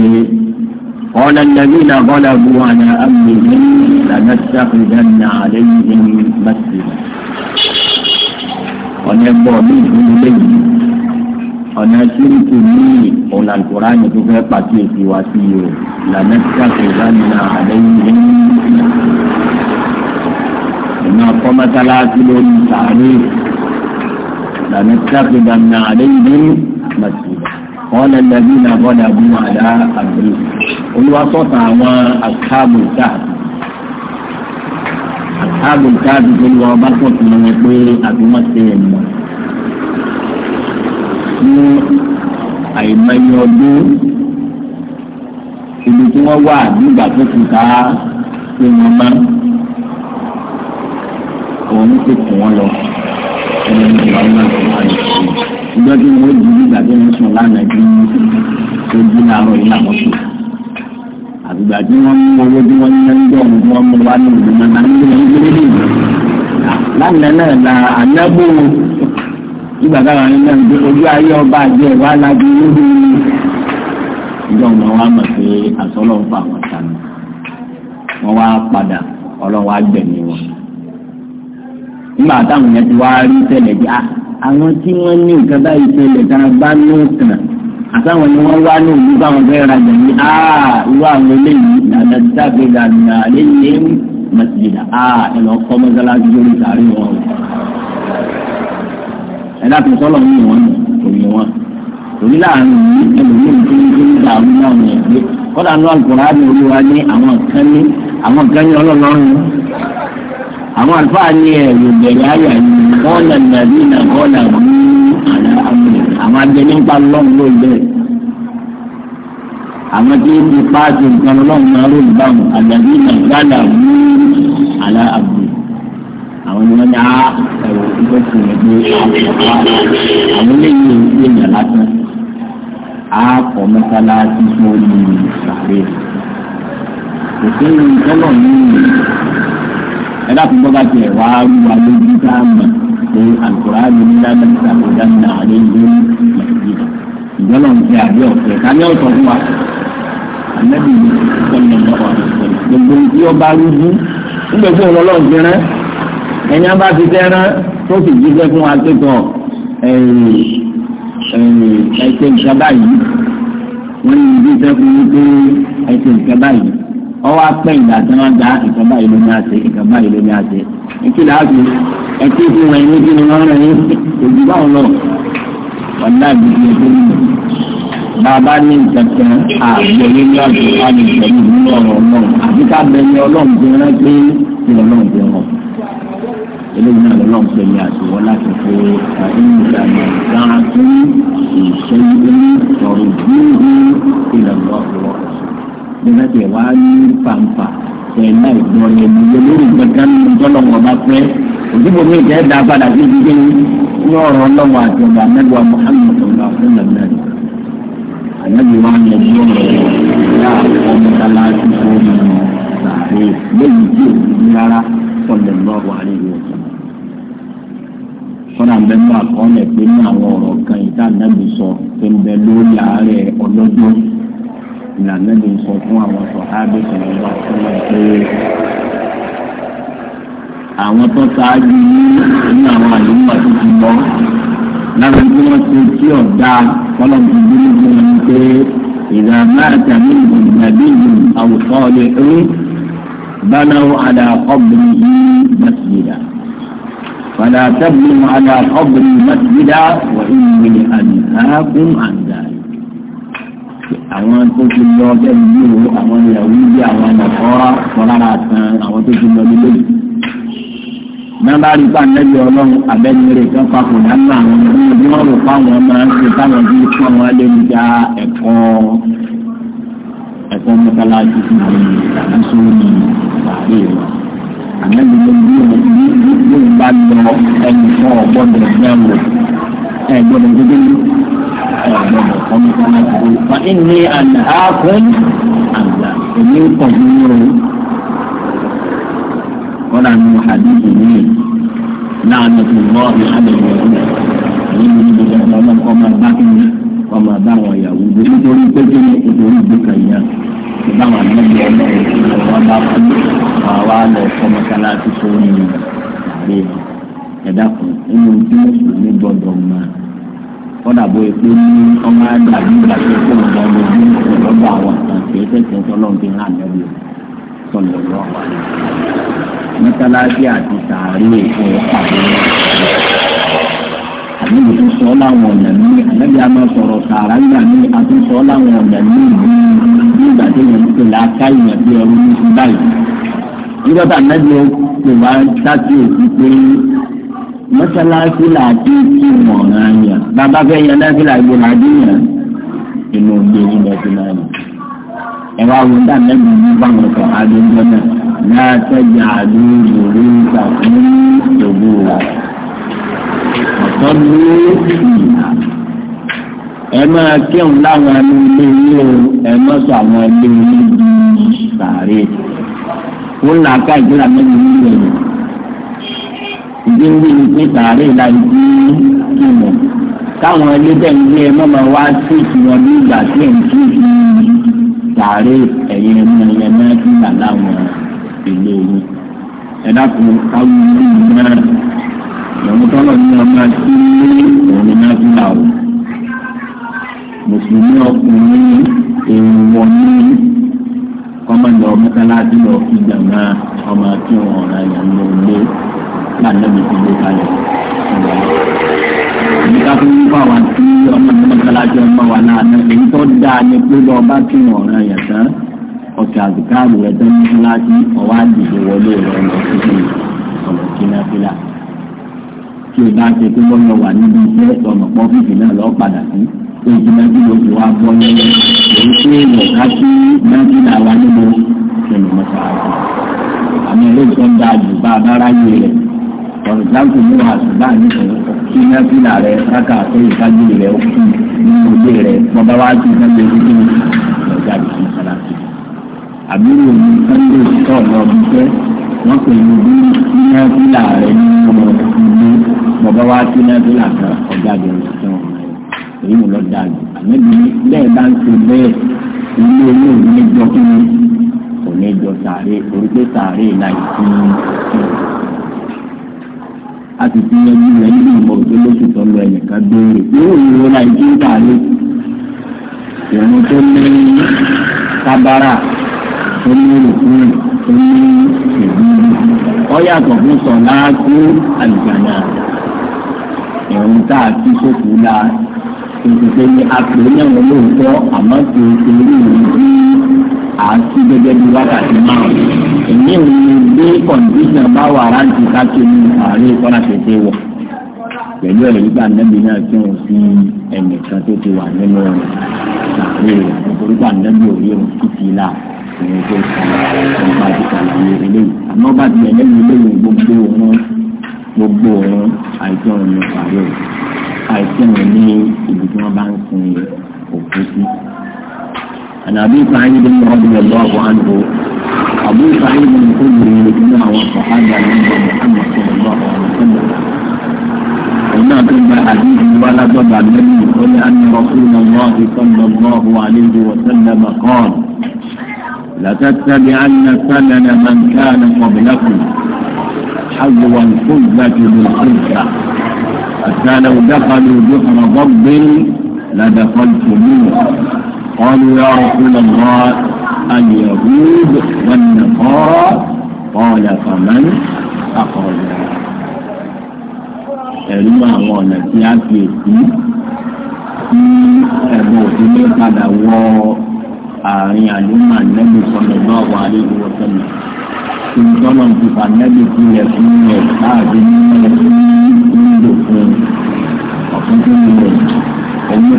قال الذين غلبوا على أمرهم لنتخذن عليهم مسجدا ọ̀nà ẹ̀gbọ́n mi ìlú lẹ́yìn ọ̀nà síríkì ní ọ̀nà àgbọ̀rá yẹn tó fẹ́ pàkíyèsí wá sí i o lànà kíkàkì ìlànà àlẹ́yìn lẹ́yìn ìmọ̀ akọ́mọ́sálásí lórí sàárè lànà kíkàkì ìlànà àlẹ́yìn lẹ́yìn màsílẹ̀ wọn lẹ́lẹ́bí náà bọ́dà àbúrò olùwàsọ̀tà àwọn àkàbò áàbò káàdì tó lọ bá pọ̀ tó lọ pé àbí wọ́n ṣe ẹ̀ mọ̀. ní àìmọye ọdún ìlú tí wọ́n wà nígbà tó ti ká pé wọ́n máa òun ti kù wọ́n lọ ẹni ní ìlú náà tó wà lọ́sùn. ìjọ́ tí wọ́n di nígbà tí wọ́n sùn lánàá bí ojú náà rọ̀ yìí làwọn sùn ìgbà tí wọ́n mú owó tí wọ́n ṣe ń jọ ohun tí wọ́n mú wá ní ìlú náà ní ìlú ìlú ìlú lálẹ́ náà la ànábò ìgbà táwọn ẹni náà gbé ojú ayé ọba àjẹ ìwà alájú lórí ìjọ wọn wá mọ̀ pé àsọlọ́ ń fa àwọn sàmì wọ́n wá padà ọlọ́wọ́ àgbẹ̀mí wọn. nígbà táwọn yẹn ti wá rí tẹ̀lẹ̀ bí ah, àwọn tí wọ́n ní nǹkan báyìí tẹ̀lẹ̀ àtàwọn ni wọ́n wá ní òní báwọn fẹ́ ra jẹ̀ ní áà irú àwọn eléyìí nàdà dábẹ́ dànù àléyìn màsìlìdà áà ẹ lọ kọ́ mọ́sálásí lórí sàárè wọn. ẹ dákun sọ́lọ̀ ń wọ̀n kò yẹ wọn. òní láàrin yìí ẹlòmíràn tó ń tó ń dà ọ́n náà wọ̀nyẹn pé kọ́dà ní àgùrá olúwa ní àwọn kan ní àwọn kan ní ọlọ́run àwọn àlùfáà ní ẹ̀rù bẹ̀rẹ̀ ayà ní kọ́ọ̀nà nàbí nà kọ́ọ̀nà mú àwọn ajẹmí ń pa lọ́run ló bẹ́ẹ̀. àwọn tí ó ti paasi nǹkan lọ́run máa ló ń bá wọn àgbàdì nàgbàdà wú àlà àbù. àwọn ni wọ́n ní á ẹ̀rọ ìgbẹ́ fún mi ní àwọn eléyìí ń pè yàn lásán. a kọ̀ mọ́sálásí fún omi ìsàlẹ̀. kò sí ìrìn tọ́lọ̀ nínú ẹ̀dá fún bọ́gà tiẹ̀ wá wú alójú ká mọ̀ pé alukóra mi ní láti ṣàkóso ní àwọn ilé màsíjìdà ìjọba ń fi àbí ọ̀fẹ́ kámi ọ̀tọ̀ fún wa anabi sọlọ lọ́wọ́ gbogbo tí ọba rújú nígbà tí ọlọlọ ń fẹrẹ ẹni a bá ti fẹrẹ tó sì jíṣẹ́ fún wa pé tọ ẹsẹ nǹkan báyìí wọn ní jíṣẹ́ fún mi pé ẹsẹ nǹkan báyìí ọwọ́ apẹ ìgbà tí wọn gba nǹkan báyìí ló ní àṣẹ nǹkan báyìí ló ní àṣẹ nítorí àti ẹtí fún wọn ní kí ni wọn rẹ ní òbí báwọn lọ wọn náà bí ti ẹtí nínú bàbá ní ìtẹ̀tẹ̀ àgbẹ̀lẹ́ ní ọ̀dọ̀ àgbẹ̀lẹ́ nínú ọ̀rọ̀ náà àti ká bẹ ní ọlọ́run tó rán pé kí ọlọ́run tó rán eléyìí náà lọ́n pè ní àtiwọ́ láti fi àìmúta ní ìdára tó ìṣe ilé ọ̀rọ̀ ìdílé ìlànà ọ̀rọ̀ nígbà tí ẹ̀ wá ní pàǹpà fẹ́ láì gbọ́ ẹ ní olórí gbẹ̀gán ní ìjọba wọn bá fẹ́ òdìbò mi ìjẹ́ dá padà sí ibi ní ọ̀rọ̀ ọlọ́wọ́ àti ọ̀gá mẹ́wàá Muhammad ọ̀gá fún nàìjíríà àyẹ̀wò wa ń yẹn lọ́wọ́ ìyá ọmọdálá ti fún mi sàárè lẹ́yìn tí ò ní rárá sọ̀lẹ̀ lọ́wọ́ àríwọ̀ fúnra ń bẹ mú àkọọ́lẹ̀ ní àwọn ọ̀rọ̀ kan ìta nàbì sọ pé lórí ààrẹ ọlọ́dún ìlànà lè sọ fún àwọn sọ̀hábì sọ̀rọ̀ lọ sí wọn pé àwọn tó ṣáájú nínú àwọn àlùmọ̀ tó ti lọ lára tí wọ́n ṣe tí ọ̀dà kọ́lọ́mù ìdílé fún wọn pé ìlà máa tàbí ìgbàgbé ìlú àwùjọ lè rí bánáwó àdàkọ́bìnrin yìí màsídà. فلا تبنوا على قبري مسجدا وإني أنهاكم عن ذلك àwọn tó ti lọ bẹ́ẹ̀ ní ìwò àwọn ìyàwó bí àwọn nàkọ́rọ́ fọlára àtàn àwọn tó ti lọ nílé yìí. nàbà rí pa nẹ́bí ọlọ́run abẹ́nirè kan papọ̀ nánú àwọn ọmọ bí wọ́n rò fáwọn ọmọ ṣe táwọn bí fún àwọn alẹ́nudá ẹ̀kọ́ ẹ̀kọ́ mọ́tàlájú ti di àdúsóòrì àárẹ̀ rẹ̀. àmẹ́bí ló ń bí òun bá lọ ẹnì fún ọ̀gbọ́dọ̀ ẹ̀gbọ́dọ̀ gbẹ́gbẹ́ fa inni anhaakum àgbà èmi ń pọ̀ nínú o kọ́dà nínú àdéhùn mi náà ní kí n bọ́ ọ̀bí àdéhùn mi èyí ni mo bẹ̀rẹ̀ ọmọ nǹkan máa bá kí ni kọ́dà bó epo ní ọmọ àgbà nígbà tó kó ń lọ lọ ní ọ̀pọ̀lọpọ̀ àwọn kan kì í tẹ̀sẹ̀ tọ́lọ́ ní ìlànà lẹ́bi sọ̀lọ̀ lọ́wọ́. mọ́sálásí àti sàárì èkó pàdé àbí ètò sọ láwọn ọ̀nà ní àlẹ́bí àmọ́ sọ̀rọ̀ sàárà nígbà ní àtúnṣọ láwọn ọ̀nà ní nígbà tí yẹn ń pè láká ìyẹn bí ẹrú ní ti báyìí. nígbà tá bàbá fẹ́ yan náfìlà ìgbòho àdéhùn inú ilé yìí lọ sí náà ẹ wá wọn dá lẹ́bi ní báwọn kan àdéhùn náà náà tẹ́jà àdéhùn lórí ìtàkùn ìṣòwò wa ọ̀tọ́ lórí ìhà ẹ máa kírun láwọn ẹnu ilé yìí o ẹ má sọ àwọn ilé yìí sàárè ó là ká ìgbéra mẹ́rin nílẹ̀ yìí ìdí ń wí pé sàárè láì dí ìmọ̀ káwọn ẹlẹ́dẹ̀ ń gbé ẹmọ́ máa wá sí ìwọ̀n ní ìgbà tí ẹ̀ ń tún ìlú tààrí ẹ̀yẹ ẹ̀mọ́ ẹ̀yẹ náà gbà láwọn ìlú òun. ẹ dákun káwọn ìlú náà lọ́wọ́ tọ́lọ̀ ní ọmọ tí òun náà ti gbà mùsùlùmí ọkùnrin èèwọ̀ ní kọ́mọ̀dé ọmọkálásí lọ fi jàmá ọmọ tí wọn ọ̀ràn yàn ló èyí ká fún fún àwọn tí ọmọ mi mọ́sálásí ọmọ wa náà ní èyí tó dáa ní pé lọ bá kí wọn ọ̀ràn yẹn tán ọ̀kẹ́ àgùkáàbù rẹ̀ tó ní mọ́sálásí ọwọ́ àdìgbò wọlé rẹ̀ lọ sí ọ̀nà kínáfílà tí o bá ṣe pé wọ́n lọ wà níbi iṣẹ́ ọ̀nà pọ́fíìsì náà lọ́ọ́ padà sí pé ìdínájú ló ti wá bọ́ ní èyí pé ìwọ̀ká sí nájìlá wa nínú ìṣẹ̀lẹ̀ mọ́sálásí àmì ẹlẹ́gbẹ̀ẹ́ ń dáa jù bá a bá ráyè ọ̀rọ̀ láti mú àṣùbá nìkan kí ní ẹ́fílà rẹ̀ rákà tó ìtajú rẹ̀ òkú nínú ilé rẹ̀ bàbá wa ti fẹ́ lé ọjà rẹ̀ sí àbúrò mi sunday sọ̀ lọ bí fẹ́ wọ́n pè mí bí ní ẹ́fílà rẹ̀ nínú ilé bàbá wa ti ní ẹ́fílà ọjà rẹ̀ èyí mo lọ dáa jù àmẹ́bí bẹ́ẹ̀ bá ń ṣe bẹ́ẹ̀ ilé olóògbé jọ kí ni kò jọ sàárè orí pé sàárè láì sí ní a sì ti yanjú rẹ̀ nínú ìmọ̀ tó lóṣù tó lọ ẹ̀yìn ká béèrè yóò yọ nàìjíríà lé ìrìn tó ní kábàárà tó ní òkúrò tó ní ìdúró ọ yàtọ̀ fún sọ̀lá kú àlùjáná ìrìn tá a ti sókòó la tètè ní apè náà lóòótọ́ àmọ́ tètè ní à ń sí gẹ́gẹ́ bí wákàtí márùn-ún èmi ò lè gbé kọ̀ǹdíṣàn bá wà láti káàkiri àárẹ̀ kọ́nà tètè wọ̀ pẹ̀lú ẹ̀rí gbà nẹ́bí náà tí wọ́n fi ẹnìkan tó ti wà nínú àárẹ̀ rẹ̀ nítorí gbà nẹ́bí ò rí òun títí là òun tó sàlàyé nípa ti sàlàyé eléyìí àmọ́ bá ti ẹlẹ́yìn eléyìí gbogbo òun gbogbo òun àìsàn òun ní àárẹ̀ àìsàn òun ní ibi tí wọ́n bá ń sin òkú sí. عن أبي سعيد رضي الله عنه أبو سعيد الخدري معه الصحابة عند محمد صلى الله عليه وسلم وما كان حديث ولا تبع النبي قل أن رسول الله صلى الله عليه وسلم قال لتتبعن سنن من كان قبلكم حظوا الخبة بالخبة حتى لو دخلوا جحر ضب لدخلتموه قالوا يا رسول الله اليهود والنصارى قال فمن أخرجها ẹ̀rí àwọn ọ̀nà tí a fi èsì tí ẹ̀bùn òdílé padà wọ àárín àlùmọ̀ nẹ́bí sọ̀rọ̀ náà wà nínú ọ̀sẹ̀lẹ̀. tí tọ́lọ̀ ti fà nẹ́bí ti rẹ̀ fún ẹ̀ káàdé nínú ẹ̀ fún ìlú fún ọ̀tún tó ń lò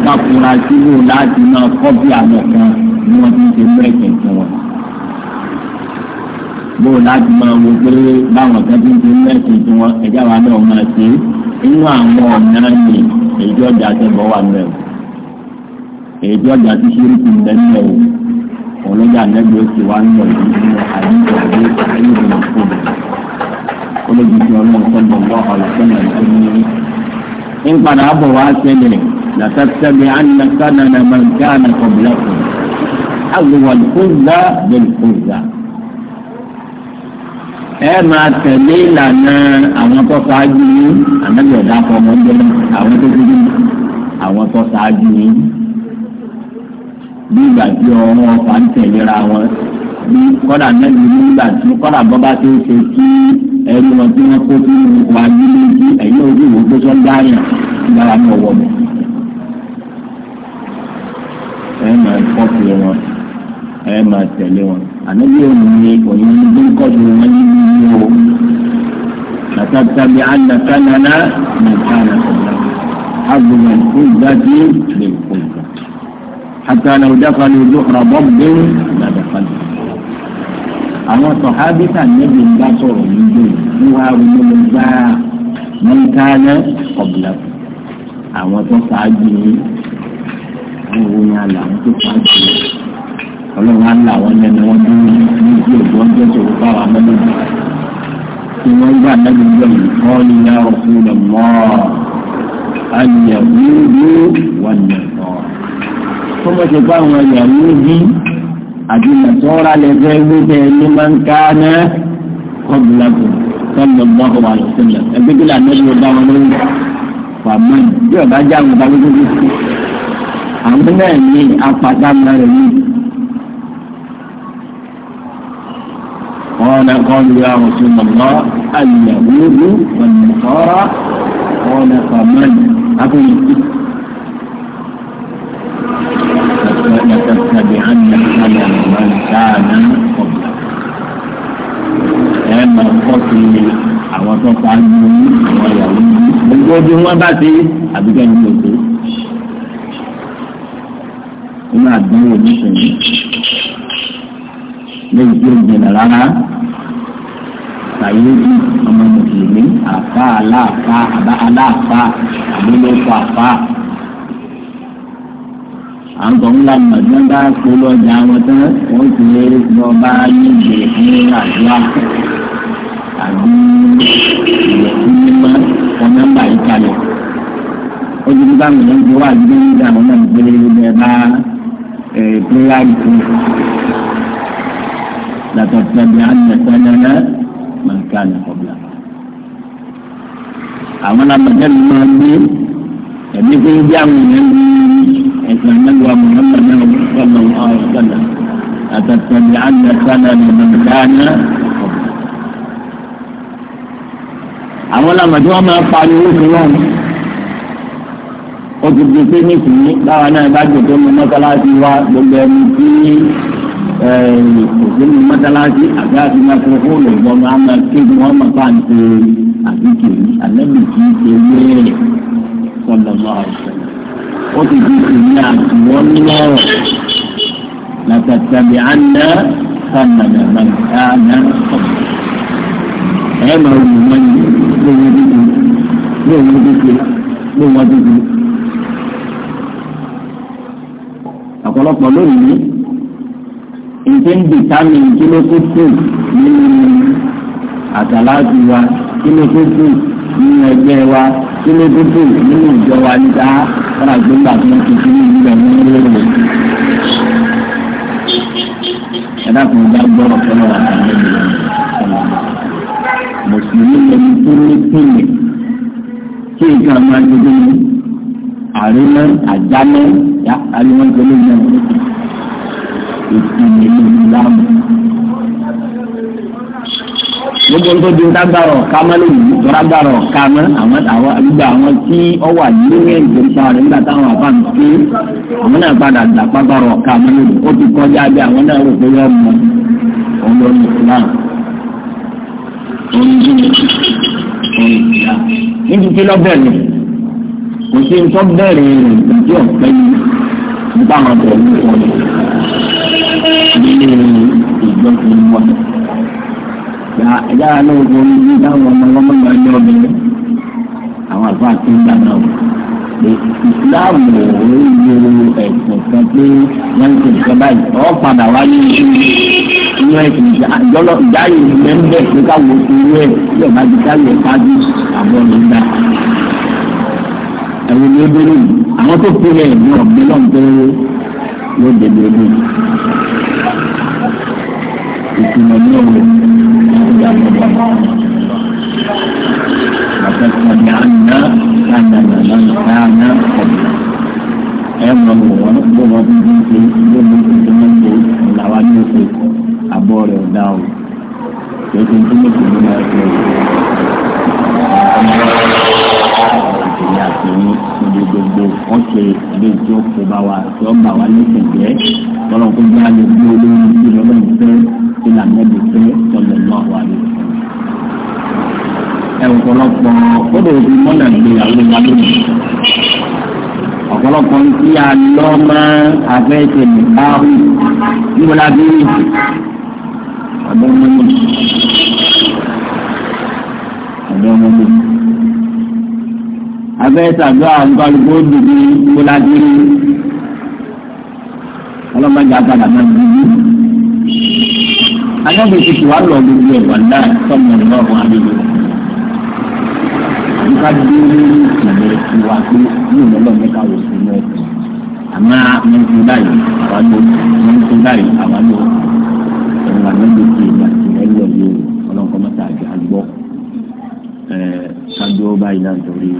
ká fura sí wò láti máa kọ́ bí àwọn kan ni wọ́n ti ń ṣe mẹ́ẹ̀kẹ́ fún wọn. bó láti máa wo pé báwọn kan ti ń ṣe mẹ́ẹ̀kẹ́ fún wọn ẹ̀já wa náà máa ṣe inú àwọn ọ̀nà ni èyí ọjà tẹ̀bọ̀ wà mẹ́ o èyí ọjà tí ṣíríkì ń bẹ́ mẹ́ o ọlọ́jà nẹ́bí ó ti wá ń lọ nínú àyíkọ̀ àyíkọ̀ àyíkọ̀ àkókò olójijì ọlọ́run sọ́dọ̀ ọgbọ́n ń bọ̀ wá لتتبعن سنن من كان قبلكم أول الخزى بالخزى ẹ máa tẹ̀lé ìlànà àwọn tó ṣáájú yín ànábì ọ̀dà àfọmọdé àwọn tó ṣáájú yín àwọn tó ṣáájú yín bí ìgbà tí ọ̀rọ̀ ọ̀fà ń tẹ̀léra wọn bí kọ́dà nẹ́bi nígbà tí kọ́dà bọ́bá tó ṣe kí ẹrú wọn tí wọ́n kó sínú wájú lójú ẹ̀yìn ojú ìwòsàn dáhùn ìgbàlá ní ọwọ́ mi ẹ máa kọ́pì wọn ẹ máa tẹ̀lé wọn ànábi òní ni òyìn ní bí kọ́pì wọn ní yíyí o látàtàbí ànàkánná nìkan àkọ́kọ́ àgùnà fún ìdájí lè kó ìgbà hàtà náà dáfà ní ojú ọ̀rọ̀ bọ́ bẹ́ẹ̀ ládàfà ní. àwọn sọ̀hábítà níbi ń bá sọ̀rọ̀ níbi ìwà arúgbó gbáà nìkan náà ọ̀bùnà àwọn tó ṣáájú yìí àwọn òun àlà wọn tó pàṣẹ ọlọ́run àlà wọn lẹ́nu wọn tó ní ìdí òjò ọjọ́ tó kọ́ àwọn mẹ́lẹ́dì tí wọ́n gbà lẹ́nu lọ́yìn kọ́ ní yàrá fún lọ mọ́ ayẹ̀wúrú wà nẹ̀tọ́. tó bá ti pa àwọn ayẹ̀wúrú bí àti nàtọ́ra lẹ́fẹ́ gbẹ́fẹ́ ní máa ń ká ná kọ́bùlágù sọ́dọ̀ bọ́ọ̀kọ̀ wà lọ́sẹ̀lẹ̀ ẹgbẹ́ tó lànà ìwọ̀n dáwọn lórí fàmọ́ bí àmì náà ní apàdánù rẹ̀ yìí. قال قالوا يا رسول الله اليهود والنصارى قال فمن أبو لتتبعن على من كان قبلك ẹ máa kọ́ sí àwọn tó pa á ní àwọn ìyàwó gbogbo bí wọ́n bá ti àbíkẹ́ ní oṣù nínú àdúgbò nísìnyí lẹ́yìn tí ó ń jẹnà rárá kàyéjì ọmọ mùsùlùmí àfa aláàfa àbá aláàfa àbúlọ́fọ àfa à ń tọ́ ńlá màdúrà bá polú ọjà wọn tán wọ́n ti lé lọ bá níbi ìpínlẹ̀ àdúrà àbí ìyẹ̀fún mímọ́ wọn nọ́mbà yìí kalẹ̀ ó ti ní báwọn ènìyàn ti wá àdúgbò nígbà wọn náà ń gbélé ní ẹ bá ìpínlẹ̀ àti làtọ̀tẹ̀bí ànàtẹ̀lẹ́lẹ́ màkà ànàkọ̀bíà. àwọn alábàtẹ́lu máa gbé ẹ̀mí tó ń bí àwọn èèyàn bí ẹ̀sìn àmẹ́wàá mọ̀lẹ́mọ̀ náà sọ̀rọ̀ ọ̀rọ̀ sọ̀rọ̀ làtọ̀tẹ̀bí ànàtẹ̀lẹ́lẹ́ màkà ànàkọ̀bíà. àwọn alábàtẹ́lu máa pariwo fún wọn ó ti di pé nísìnyí báwa náà bá jòkó mu mọ́sálásí wa gbogbo ẹni tí òkú mu mọ́sálásí àbí àti mẹ́kúrúfóònù ìbọn máa ma ké wọn máa bá ń ṣe àbíkè àlẹ́bí kì í ṣe wéèrè sọ́dọ̀mọ́ àìsàn ó ti di ìsinmi àtiwọ́ nínú ọ̀rọ̀ làtàtàbí àná sàmàlà màgá náà sọ̀rọ̀ ẹ̀ máa wù wọ́n ní lóun dídì lóun dídì lóun dídì. ọ̀pọ̀lọpọ̀ lónìí nǹkan ń dìtámì kí ló tó kù nínú àtàlájú wa kí ló tó kù nínú ẹgbẹ́ wa kí ló tó kù nínú ìjọ wa níta wọn àgbégbà tó ń tuntun ní ìlú ẹ̀mí lórí. ẹ̀dá kan bá gbọ́rọ̀ fọlọ́ àtàlẹ́ ìlú mùsùlùmí lẹni tó ní pínlẹ̀ kí nǹkan máa dúdú ní àrímọ́ àjámọ́ yá àrímọ́ ìjọba ìjọba ìpìlẹ̀ ìlú ìlànà. gbogbo nǹkan di dágbàrọ̀ kámọ́ lónìí dágbàrọ̀ kámọ́ àwọn àwọn àgbà àwọn tí ọ wà lórí ẹ̀jẹ̀ ìta rẹ̀ nígbà táwọn àbá ń ké àwọn náà padà dàgbàrọ̀ kámọ́ lónìí ó ti kọjá bí àwọn náà rò pé yọ mọ ọmọ ìsìlámù. níbi tí lọ́bẹ̀ ni kò sí nǹkan bẹ̀rẹ̀ rẹ̀ ìdí ọ̀pẹ́ yìí nípa àwọn ọ̀pọ̀ ní ọ̀pọ̀ nínú ìjọ tó ń wà. Ìyá alóògùn ní táwọn ọmọ ọlọ́mọ ìgbà ní ọbẹ̀ àwọn àlùfáà tó ń gbà náà ìsìláàmù òun lo ẹ̀sìn kan pé wọ́n ń ṣe báyìí ọ̀ padà wá ní inú ẹ̀sìn ìjọlọ ìdáyé ìgbẹ́ ń bẹ̀ pé káwọn oṣù rẹ̀ yóò bá ti dáyé ìpájú àbọ̀ nígbà àwọn ilé bẹ́rẹ̀ yìí àwọn tó pinnu ẹ̀ ní ọ̀gbẹ́ náà tó ló dèbè lé. ìtumọ̀ ní ọ̀rẹ́ àtẹ̀sọ̀dì àná ànàlànà àná ọ̀gbìn. ẹ mọ̀ mọ̀ wọ́n bó wọ́n bí wọ́n ṣe ló mú ìtumọ̀ ṣe làwa ní oṣù àbọ̀ rẹ̀ ọ̀dà o. ètò ìtumọ̀ ṣe ló máa ṣe o àtẹ̀lé àtẹ̀lé níbi gbogbo wọ́n ṣe ilé tí ó kó bá wa tí ó bá wa lẹ́sẹ̀ jẹ́ lọ́rọ̀ kó bá lè bí olórí tí lọ́lọ́run fẹ́ tí làmẹ́bí fẹ́ tọ́lọ̀ lọ́ wà lè fẹ́. ẹ ọ̀pọ̀lọpọ̀ gbọ́dọ̀ ìlú mọ́nà ìgbéyàwó wa lónìí ọ̀pọ̀lọpọ̀ tí a lọ mọ́ afẹ́ṣe nìbáwí níbo abẹ́sàdó àgbàlùkò dùdú kóladìrí ọlọ́mọdé agbada máa ń dùdú. Adájọ́ ti ti wá lọ gbogbo ẹ̀wà náà sọ́mọ ní ọ̀rọ̀ àdúgbò. Àyíká dúró ìṣẹ̀lẹ̀ ìwà pé yóò lọ́lọ́ mẹ́ta wò sí ilé ẹ̀sìn. Àmọ́ mi ń tún báyìí àwọn ló mi ń tún báyìí àwọn ló ẹ̀wà ló ń lò ìgbà tí ẹ̀rọ yóò ọlọ́nkọ́ mọ́ta àgbọ̀ kájọ báyìí náà torí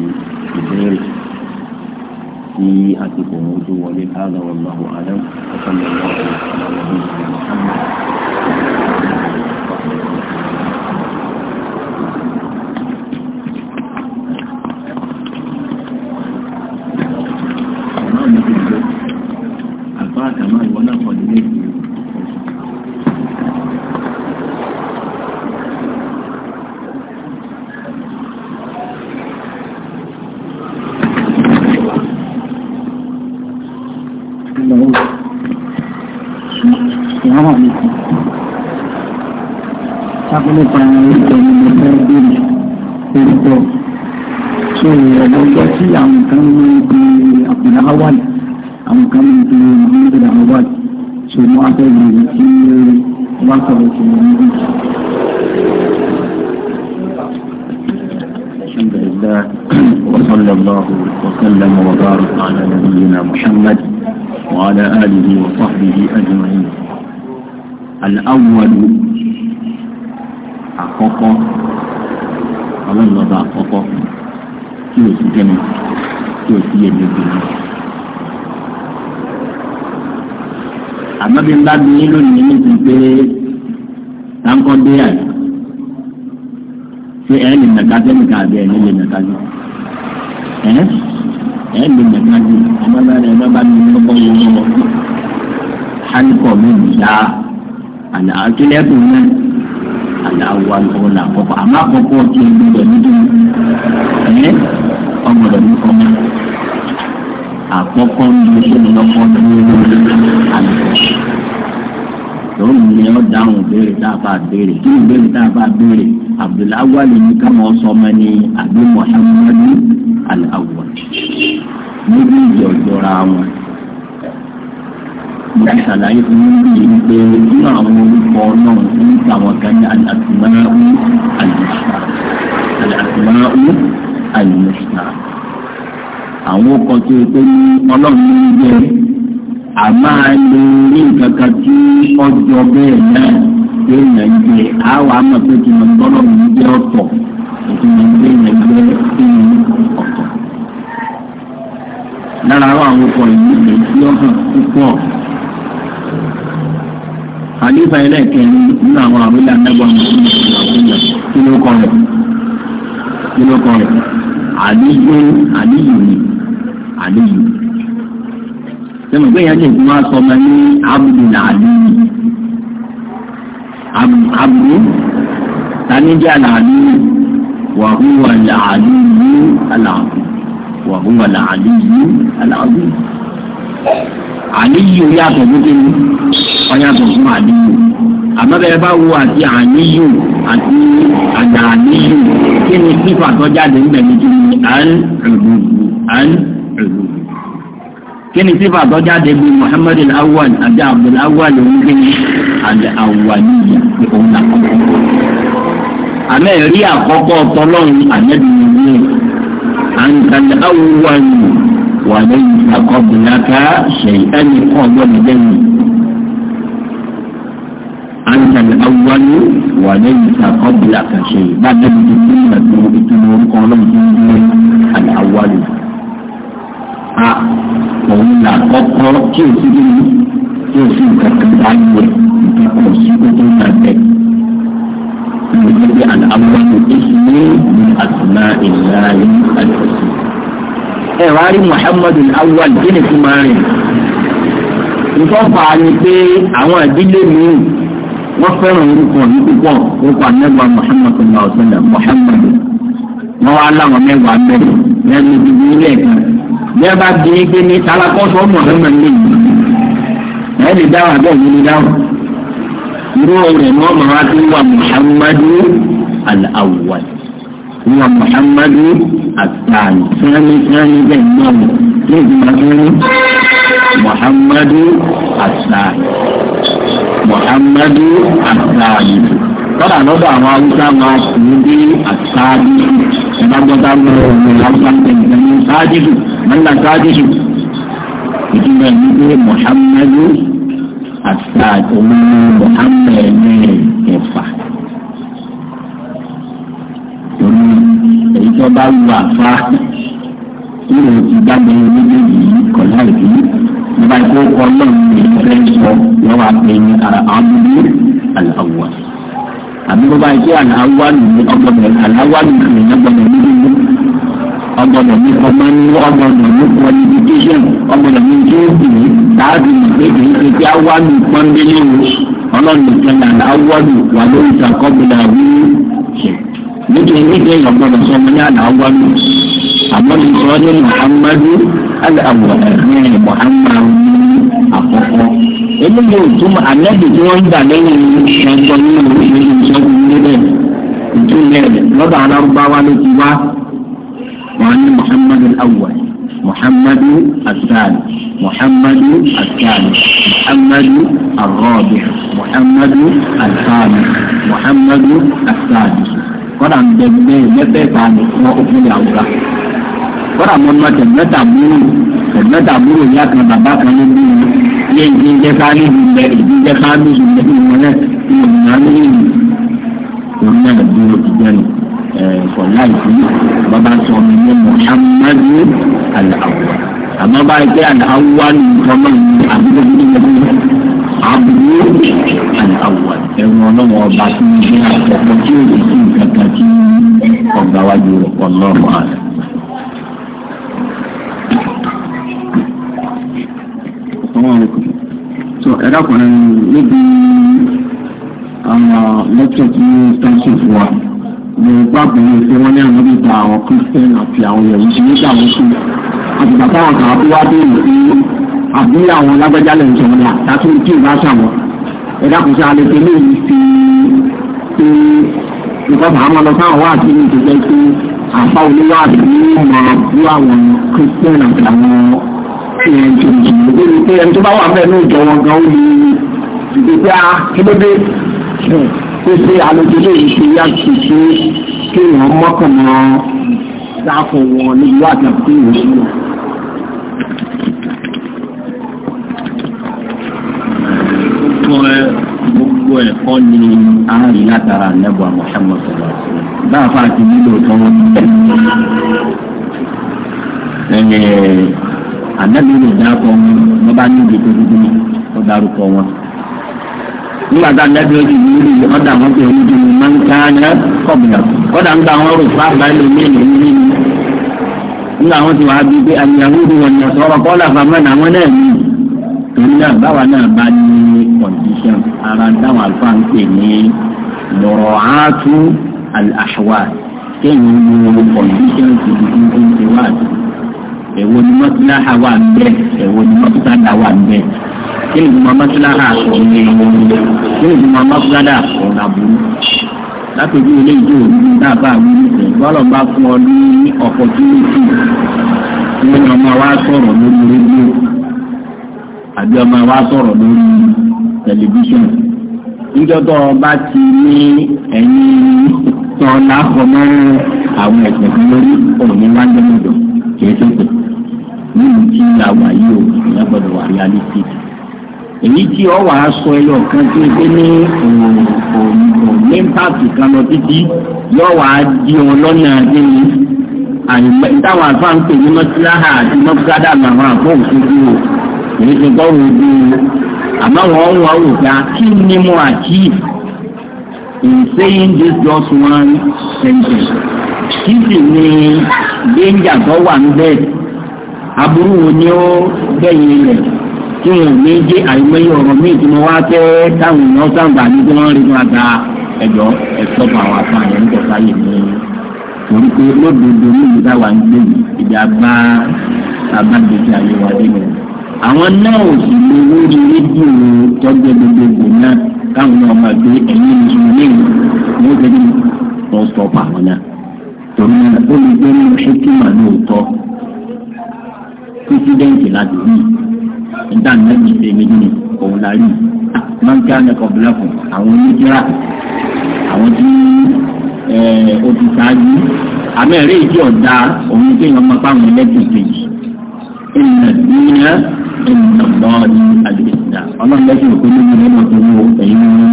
ìbéèrè tí àsìkò wọn tó wọlé káàdà wọn bá wọn àdá ọkọ mi lọ sí ọlọ́run bí ìṣẹ̀lẹ̀ mọhánà. Àlùfáà Kamal wọn náà kọ́ ní ilé ìgbìmọ̀. nípa ètò ìmọ̀lẹ́ bèrè orúkọ so ọgbọ́gbọ́ tí àwọn kan ní ibi àpòlá awal àwọn kan ní ibi mohammed awal so mo afẹ́ ìròyìn tí wọ́n sọ̀rọ̀ sí wọn ní ìjì. الحمد لله وصلى الله وسلم وبارك على نبينا محمد وعلى آله وصحبه أجمعين الأول àkọ́kọ́ ọlọ́run lọ́ba àkọ́kọ́ tí o sì jẹ́nu tí o sì yẹ méjì ní. àmọ́ bí n bá bí yín pé táǹkọ́ dé àyè ṣé ẹ̀ lè mẹ̀ta sẹ́nìkà àbí ẹ̀ lè mẹ̀ta sí ẹ̀ ẹ̀ lè mẹ̀ta sí ọmọlá rẹ̀ lọ́ba mi lọ́kọ́ yẹn lọ́wọ́ hánìkọ̀ mi nìyá àlàákílẹ̀ tó náà aláwa lọ́wọ́ là kọ́kọ́ àmọ́ àkọ́kọ́ tí o gbọ́dọ̀ nídìí ẹ̀ ọgbọ́dọ̀ ní kọ́mọ́ àkọ́kọ́ ní oṣù lọ́kọ́ ní àlùkò lórí ni ọ dáhùn béèrè tá a bá béèrè kí ni béèrè tá a bá béèrè abdullahi awali ni káwọn sọmọ ni àbí muhammadu alawali níbi ìjọ jọra wọn ṣàlàyé fún mi ní pé nínú àwọn orúkọ náà ní àwọn kan ní àtìmáàrú àlùmọ̀ṣà àtìmáàrú àlùmọ̀ṣà àwọn orúkọ tó o pé ní ọlọ́run ní jẹ́ a máa lo ní nǹkan kan tí ọjọ́ bẹ́ẹ̀ náà pé èèyàn jẹ àwọn àmọ̀ pé kí n tọ́lọ̀ ní jẹ́ ọ̀tọ̀ ìtumọ̀ pé èèyàn jẹ́ èèyàn ọ̀tọ̀ lára àwọn orúkọ yìí lè fi púpọ̀ àdéfà ẹlẹ́ẹ̀kẹrin nínú àwọn àwílẹ̀ anábọ̀ nínú kọ́ rẹ̀ nínú kọ́ rẹ̀ àdéjọ́ àdéjọ́ ni àdéjọ́. sẹ́mi pé ìyá jẹ́ ìfún wa sọ ọmọ ní abudul àdéjọ́ abu tanijẹ́ àdéjọ́ wàhúwà làdéjọ́ àlàáfíà wàhúwà làdéjọ́ àlàáfíà àdéjọ́ yàtọ̀ gbogbo ọ̀yàtọ̀ fún àdínkù àbábẹ́ bá wo àti àníyù àti àgbà àníyù kí ni sífà tó jáde ńbẹ̀ ní kíni àlùbù àlùbù kí ni sífà tó jáde bí Muhammad al-awwal àti Abdul awwal òun kí ni al-awwaliya pé òun là àmẹ́ rí àkọ́kọ́ tọ́lọ́run àmẹ́bí ní àǹkàlẹ̀ awwal wà lẹ́yìn àkọ́bìnrin ká ṣèyí ẹnì kan gbọ́dọ̀ lẹ́yìn àǹtàlẹ̀ awúwáyé wà lẹ́yìn ìsàkọ́bìlà kàṣe bá dẹ́bi tó kí nígbà tó ìtumọ̀ orúkọ ọlọ́run tó ń gbé àlẹ́ awúwáyé. a òun là kọ́kọ́ tí o sì kí ni tí o sì nǹkan kan bá yẹ nǹkan kan sí kó tó nà bẹ́ẹ̀. nígbà tí àlẹ́ awúwáyé ìṣúná ní àtúná ìlànà àjọṣe. ẹ wá rí muhammadu awúwáyé kí ni fún máa rìn. ìfọ̀fà ni pé àwọn ìdílé mi wọ́n fẹ́ràn orúkọ yìí púpọ̀ orúkọ anẹ́gbà Muhammad sallallahu alaihi wa sallam Muhammad wọ́n wá láwọn mẹ́wàá bẹ́ẹ̀ lẹ́nu ibi ilé kan bẹ́ẹ̀ bá di ike ní talakọ́sọ Muhammad lè yìí ẹ̀ lè dáhùn abẹ́ òun lè dáhùn irú rẹ̀ ni wọ́n máa ti wà Muhammadu al-awwal wà Muhammadu àtàlù fẹ́ẹ́ni fẹ́ẹ́ni bẹ́ẹ̀ náà lè fi máa fẹ́ẹ́ni Muhammadu àtàlù muhammadu asaayi kọ́dà lọ́dọ̀ àwọn haúsá máa kù ú bí asaayi ìbágbọ́dá mọ́ ọ̀rọ̀ haúsá tẹ̀lé ní sáájìdù mọ́lá sáájìdù ìdúgbò ẹ̀mí pé muhammadu asaayi òun ni muhammadu ní ẹ̀fà. èyí tó bá wù àfa nínú ìdáná méjèèjì kọ̀lá ìdí nígbà tó kọ́ lọ́rùn ní ìfẹ́ sọ lọ́wọ́ àpè ní àbúrú àlàwà. àbí bó bá yẹ kí àlàwà nìyí ọgbọ̀dọ̀ àlàwà nìyí ọgbọ̀dọ̀ nínú ọgbọ̀dọ̀ ní ọmọ ní ọgbọ̀dọ̀ ní qualification ọgbọ̀dọ̀ ní tí ó sì ní dáàbì pé kì í ṣe kí àwa nù pọ́ńdélé o ọlọ́run nìkan náà àwa nù wà lórí ìtàkọ́gbọ̀dọ̀ àbúrú. nítorí nígbà èèyàn gbọ́dọ̀ sọ ọmọ ní àlàwà nù. àmọ́ni sọ ní muhammadu alábọ̀ ní muhammadu àkọ́kọ́. eléyìí ò túmọ̀ ànábì tí wọ́n ń gbà lẹ́yìn ẹ̀ńtọ́ nínú ìṣẹ́gun ìṣẹ́gun níbẹ̀ ìtúlẹ̀ lọ́dọ̀ alárúbáwá ló ti wá wọ́n ní muhammadu alábọ̀ muhammadu asaani muhammadu asaani muhammadu arọ́bì muhammadu asaani muhammadu asaani kọ́dà ń bẹ bẹ́ẹ̀ mẹ́fẹ̀ẹ́ta ni wọ́n ó fún yàrá. kọ́ra mọ́ ọmọ tẹ̀gbẹ́ta búrò tẹ̀gbẹ́ta búrò ìyá kan bàbá kan ló bí ilé ìdí jẹ́ ká ní ìdílé ìdí jẹ́ ká ní ìdílé ìmọ̀lẹ́ ìmọ̀lẹ́ ìmọ̀lẹ́ ìmọ̀lẹ́ ìdúró ti jẹ́ nù for life yìí bàbá sọ mi ní muhammadu alawa àmọ́ báyìí pé alawa ni ọmọ mi àbúrò mi ní àbúrò alawa ẹ̀rù ọlọ́wọ́ ọba tí mo jẹ́ àkọ́kọ́ tí ó lè sí nǹkan tí ọgbà wájú ọlọ́run àlẹ́. alaikum so ẹ dákùnrin níbi àwọn lẹ́tọ̀ tí ó tán sí fún wa mo gbàgbọ́ pé wọ́n ní àwọn nípa àwọn christian àti àwọn yẹ̀wò tí nígbà wọn kú àti bàbá àwọn kan tó wá béèrè pé àbí àwọn lágbájá lẹ́yìn tó wọn là láti ní kí ìbá sàwọn ẹ dákùnrin sí alẹ́ tẹ́lẹ̀ yìí fi pé nǹkan fàá máa lọ sáwọn wá sí ní ìtòjẹ́ pé àfa olówó àti ní ìmọ̀ bí àwọn christian àti àwọn èèyàn wà bẹ́ẹ̀ náà wọn gan ó lè dìde pé a kí ló ṣe yá kí èèyàn mọ́kànlá dáàfo wọn níbi wà jàpé èèyàn ẹ̀kọ́ ni a rí látara nẹ́bù àmọ́ ṣẹ́mọ̀ sọ̀rọ̀ báà fà ti nílò tán ànábi lè dáko wọn wọn bá níbi tó dúdú ní wọn dárúkọ wọn. nígbà tá ànábi ó ti di ìlú yìí ọ̀dà wọn pé oníbi ni máa ń ká ní kọ̀bìnà kọ́dà ń gba àwọn rò fún àgbà ilé mi ní ní ní. nígbà wọn ti wàá bí pé àyàwó ni wọn yàn sọ̀rọ̀ kọ́lá fàmẹ́ náà wọn náà ní. torí náà báwa náà bá ní kọ̀ǹdíṣàn ara dáwọn àlùfáà ń pè ní lọ́rọ̀ àátú àṣùwà kéèyàn èwo ni mọ́tíláhà wà ńbẹ̀ èwo ni mọ́tíláhà wà ńbẹ̀ kí ni mo mọ́tíláhà òun ni kí ni mo mọ́tíláhà òun àbúrú látòjú ilé ìjọ òní dábàá wí nípa ìgbọ́lọ̀ bá fún ọ ní ọ̀pọ̀túnìtì wọn ni ọmọ wa sọ̀rọ̀ lórí rédíò àbí ọmọ wa sọ̀rọ̀ lórí tẹlifíṣàn níjọ́tọ̀ ọba ti ní ẹ̀yìn tọ́lá ọmọ àwọn ẹ̀sìn kan lórí òní wájú mọ́jọ kìí tó tó nínú tí àwa yìí ò ìyá gbọ́dọ̀ wà reality èyí tí ọ wàá sọ ẹyọ kan tó gbé ní òmíńpàkì kan lọ títí yọ wàá di ọ lọ́nà nínú àyùmọ̀ táwọn àfáà ń pè ní mọ́síláhà àti mọ́síláhà màmá àfọ̀ òṣèlú o èyí ti gbọ́ wò bí o àmọ́ wọ́n wà wò pé kí ni mo achieve in saying this just one sentence kí sì ni danger tó wà ń bẹ́ẹ̀ aburú wo ni ó bẹ̀yìn rẹ̀ tí wọn ò ní jẹ́ àìmọye ọ̀rọ̀ míì tí mo wá tẹ́ táwọn èèyàn sáǹgbà ní tí wọ́n rí wọn gba ẹ̀jọ́ ẹ̀tọ́ bá wà fún àyẹ̀ nípa sáyẹ̀ ní torí pé lódodo ní ìlú táwa ń gbé yìí ìjà bá abájọsí ayé wa dé lọ. àwọn náà ò sì lè lórí rédíò tọ́jú gbogbogbò náà káwọn ọmọ ẹgbẹ́ ẹ̀yìn mùsùlùmí ní ó gbẹ́dẹ́ lọ́sọ̀ọ̀pù àwọn ó pírẹsidẹ́ǹtì láti rí nígbà mẹ́rin ṣe méjì ni òun la rí mọ́ńkà nẹ́kọ̀ bílọ̀kù àwọn onídìrà àwọn tí eh, ó ti ṣáájú àmẹ́rẹ́ ìdí ọ̀dà òun tí wọ́n máa pàwọn ẹlẹ́gbẹ̀ẹ́ kejì ìnà ìnà ìnà lọ́ọ̀dì àdìsídà ọlọ́run lẹ́sìn òkú nínú ẹ̀mọ́ tó wọ ẹ̀yìn ọmọ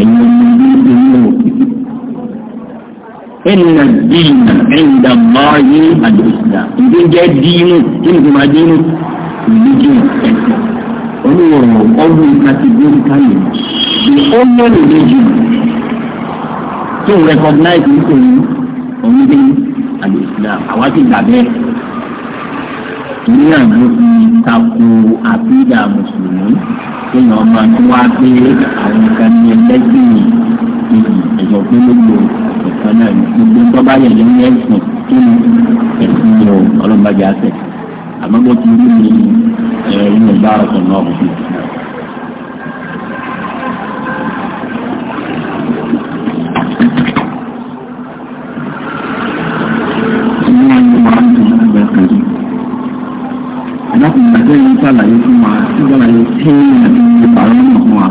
ẹ̀yìn ọmọ ẹ̀yìn ọmọ ẹnna dìínà ẹnda mọ́ọ́yé àdìsílà ìdí jẹ́ dìínù kí ni kò máa dìínù ìdíjú ẹ̀sìn olùwọ̀rọ̀ ọdún kàtìgóríkàlì the only religion tó ń recognize nítorí onídé àdìsílà àwa ti gbà bẹ́ẹ̀ ní àgbo fi tako àbídà mùsùlùmí kéèyàn ọmọ tó wá pé àwọn kan ní ẹlẹ́gbẹ̀ẹ́ ìdí ẹ̀jọ̀ pé kan náà gbogbo tó bá ba lẹ́yìn ẹ̀sìn kí một ẹ̀sìn yìí o ọlọ́mọdé àṣẹ àmọ́ bó ti rí mi ẹ̀yìn ọ̀gá ọ̀sán náà kò sí. ṣàlàyé fún wa ṣàlàyé tí ó yẹ kí n bàrọ̀ mọ̀ fún wa.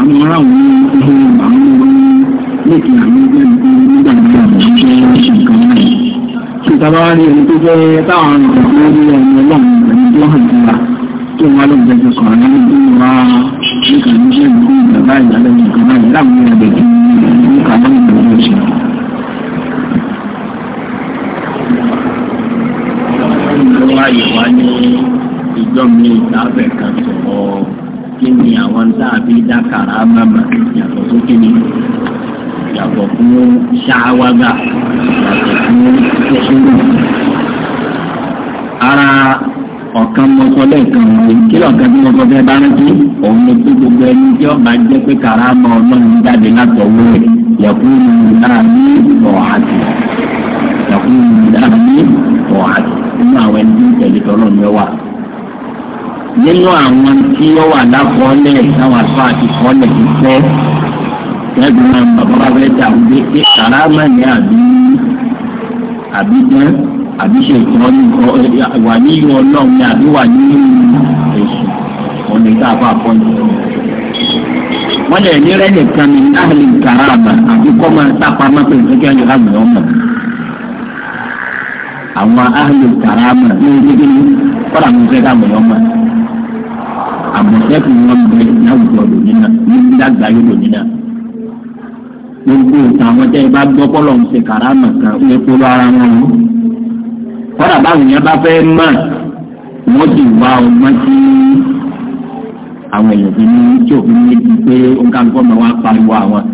àwọn aráàlú ń bá ẹlẹ́ẹ̀kejì ní bẹ́ẹ̀ kí ni àwọn tá a fi dákàrá mọ́mọ́ yàtọ̀ ni yàtọ̀ fún ṣáwágbà yàtọ̀ fún ṣẹ́ṣúrù. ara ọ̀kan mọ́tò lẹ́ẹ̀kan ọ̀hún kí lọ́ọ̀kan tí mọ́tò fẹ́ bá rántí òun ni pé gbogbo ẹni tí ọba jẹ́ pé kàrámà ọlọ́run jáde látọ̀wọ́ rẹ̀ yàkúrú lára ní ọ̀hàtì yàkúrú lára ní ọ̀hàtì nínú àwọn ẹni tí ń tẹ̀lé tọ́lọ́ ni ọ wà nínú àwọn tí ó wà lákọọ́lẹ̀ táwọn àtọ́ àti kọ́lẹ̀ ti fẹ́ lẹ́gbẹ̀ẹ́ máa ń bàbá bá fẹ́ dà wípé pé kàrámà ni àbí àbí dán àbí ṣe ìtọ́ wà nínú ọlọ́run ni àbí wà nínú èṣù ọ̀nà ìta àbá àpọ́njù. wọ́n lè ní rẹ́ nìkan ní láàrin kàrámà àti kọ́ máa sápamọ́ pé ìfẹ́kẹ́ ẹ̀yọ́ àgbẹ̀ ọmọ àwọn ahlu karama ní ìdíje ní kọ́lá mi fẹ́ dáàbò ọmọ àmọ̀tẹ́kùn wọn bẹ láwùjọ lòdì náà ní ìdílé àgbáyé lòdì náà gbogbo ìtàn àwọn tẹ́ ẹ bá gbọ́ pọ́lọ̀ ń ṣe kàrámà kan ní kó lọ ara wọn mú. kọ́dà báwọn yẹn bá fẹ́ mọ̀ wọ́n sì wá ọmọ sí àwọn èèyàn fi ní tí òfin ní ti pé òǹkàlùkọ́ máa wá pariwo àwọn.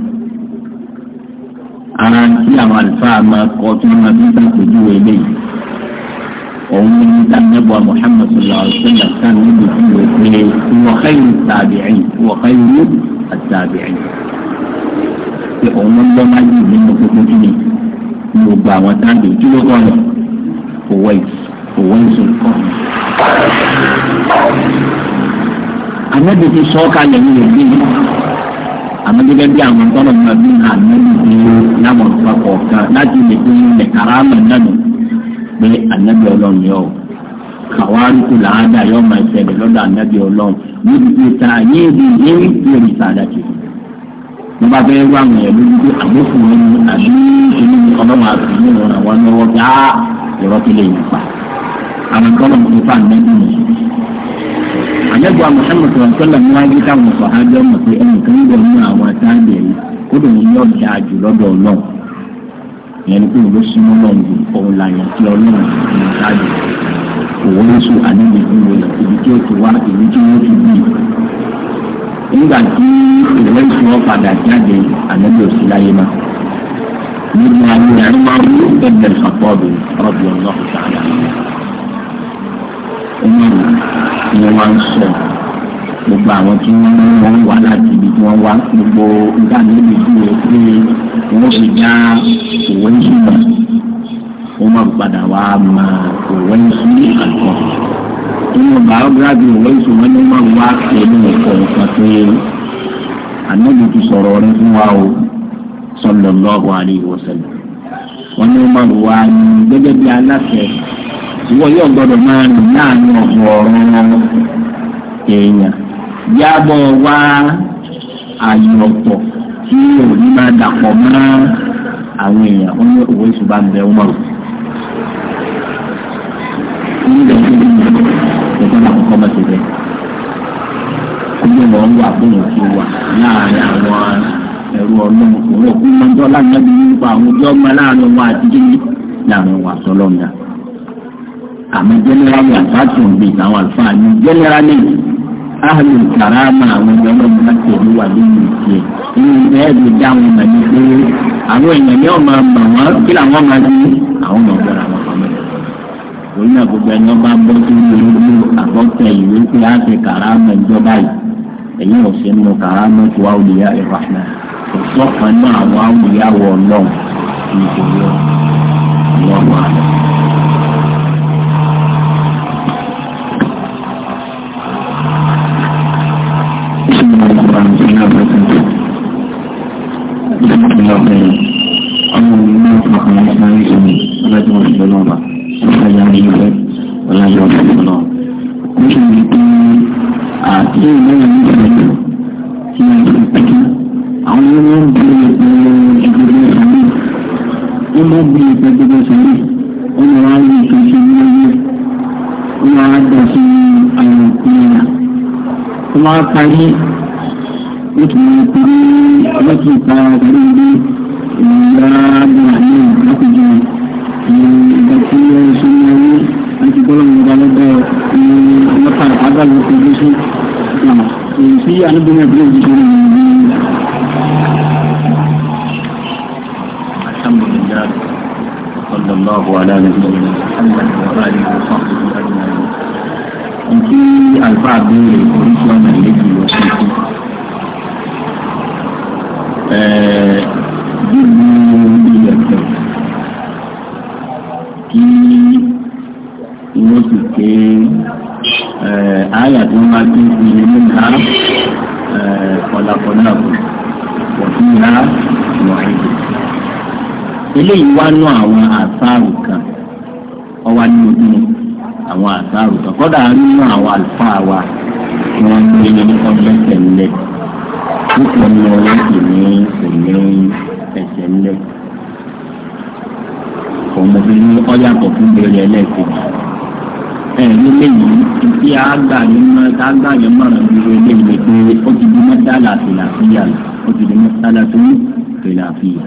ara tí àwọn àlùfáà máa kọ́ tí wọ́n máa fi ń sàkójú eléyìí. òun ni ìdánilẹ́bọ̀ Muhammad sallallahu alayhi wa sallam kan níbi tí wọ́n pe wọ́n khayru tàbí'in wọ́n khayru tàbí'in pé òun ló lọ́ máa yìí nínú gbogbo kíni mo gba àwọn táǹdì kí ló kọ́ ni òwe òwe ìṣòkọ́ ni. àmọ́bi ti sọ kalẹ̀ ní ìlú yìí àmọ́gẹ́gẹ́ bí àwọn tọ́lọ̀ náà bí àmọ́bi ti láwọn papọ̀ kan láti lè fún ilẹ̀ karama náà pé ànábì ọlọ́run yọ ọ́ kàwáríkù làádá yọ máa ṣẹlẹ̀ lọ́dọ̀ ànábì ọlọ́run níbi tí ta yé ibi yé mo bá fẹ́ wá àwọn èèyàn lójú pé àgbófò mi ni àbí èmi ni ọlọ́run àti mi ràn wọ́n lọ́wọ́ bí á ìrọ́ tó lè yípa àwọn ìkọ́lọ̀ mi fà nẹ́bí mi. àjẹgbọ́ àwọn sọ́mọ̀tò ọ̀tọ́lá mi wáyé táwọn ọ̀sọ̀ ájọ́ mọ̀ pé ẹnìkan ń bọ̀ nínú àwọn àtàgbẹ̀ yìí kódò ní yọ̀ dá jù lọ́dọ̀ ọlọ́run ìyẹn kó ló súnmọ́ náà ju òun làyàn tí ọlọ́run ní sáájú òun ló sùn àníbi ìwé ibi tí ó ti wá ibi tí ó ti bì nígbà tí ìwé tí wọ́n padà jáde ànábì òsì láyé má. nínú àwọn ẹ̀rí máa ń wú ẹgbẹ́ ìfàpọ̀dù ọ̀bì ọlọ́kùn sáárà. ọmọ ni wọ́n ń sọ gbogbo àwọn tí wọ́n wá láti ibi tí wọ́n wá gbogbo nígbà tí wọ́n pé wọ́n sì já òwe ìṣúná wọ́n máa padà wá máa òwe ìṣúná àlùkò. nínú biography òwe ìṣúná ni wọ́n máa wá pẹ̀lú ọ̀pọ̀ tó yẹ ànábì ti sọ̀rọ̀ rẹ fún wa o sallallahu alaihi wasallam wọn ní wọn wà ní gẹ́gẹ́ bí aláṣẹ ìwọ yóò gbọ́dọ̀ máa rìn láàánú ọgọ́rùn èèyàn yábọ wá àyọpọ tí òní máa dàpọ̀ mọ́ àwọn èèyàn wọn ní òwe ìṣùbà ń bẹ wọn. wà bóyá ti wà láàrin àwọn ẹrú ọlọ́run òun òkú mọ́tò láǹdàbí nípa àwọn ojú ọmọ láàrin wọn àti kíni láàrin wọn àtọ́lọ́mdà. àmọ́ jẹ́nẹ́rálì àtàtù òbí àwọn àlùfáà ní jẹ́nẹ́rálì áhùn ìkàràmà àwọn ọlọ́run láti ẹ̀rú wà lórí ìṣe ní ẹ̀ẹ́dì dáhùn mẹ́ni pé àwọn èèyàn ní ọmọ mọ̀ wọ́n kí làwọn máa di àwọn ọmọ ọ̀gbọ̀n àwọn ọmọ orí náà gbogbo ẹni ọba bọ́ sí ìlú àbọ̀tẹ̀ ìwé pé á ti kàràmà ìjọba yìí èyí ò sí nínú kàrámọ́ tó wá olùyá ìrànà kò sọ́kàn náà àwọn olùyá wọ̀ ọlọ́run ní ìkòyí ọ̀hún àná. parí wánú àwọn àṣàrò kan ọwá ní ojú àwọn àṣàrò kan kọ́dà nínú àwọn àlùfáà wa tí wọ́n ń gbé ní ọdún tẹ̀lé nípa ní ọ̀rẹ́ ìní ìní ẹ̀sẹ̀ ńlẹ̀. òun fi ní ọ̀yàtọ̀ fún bèrè ẹlẹ́ẹ̀kejì. ẹ̀rí lẹ́yìn tí a gbà nínú tá a gbà yẹn mọ̀ràn bí eléyìí pé ó ti di mọ́tálà fìlàfíà ó ti di mọ́tálà tó fìlàfíà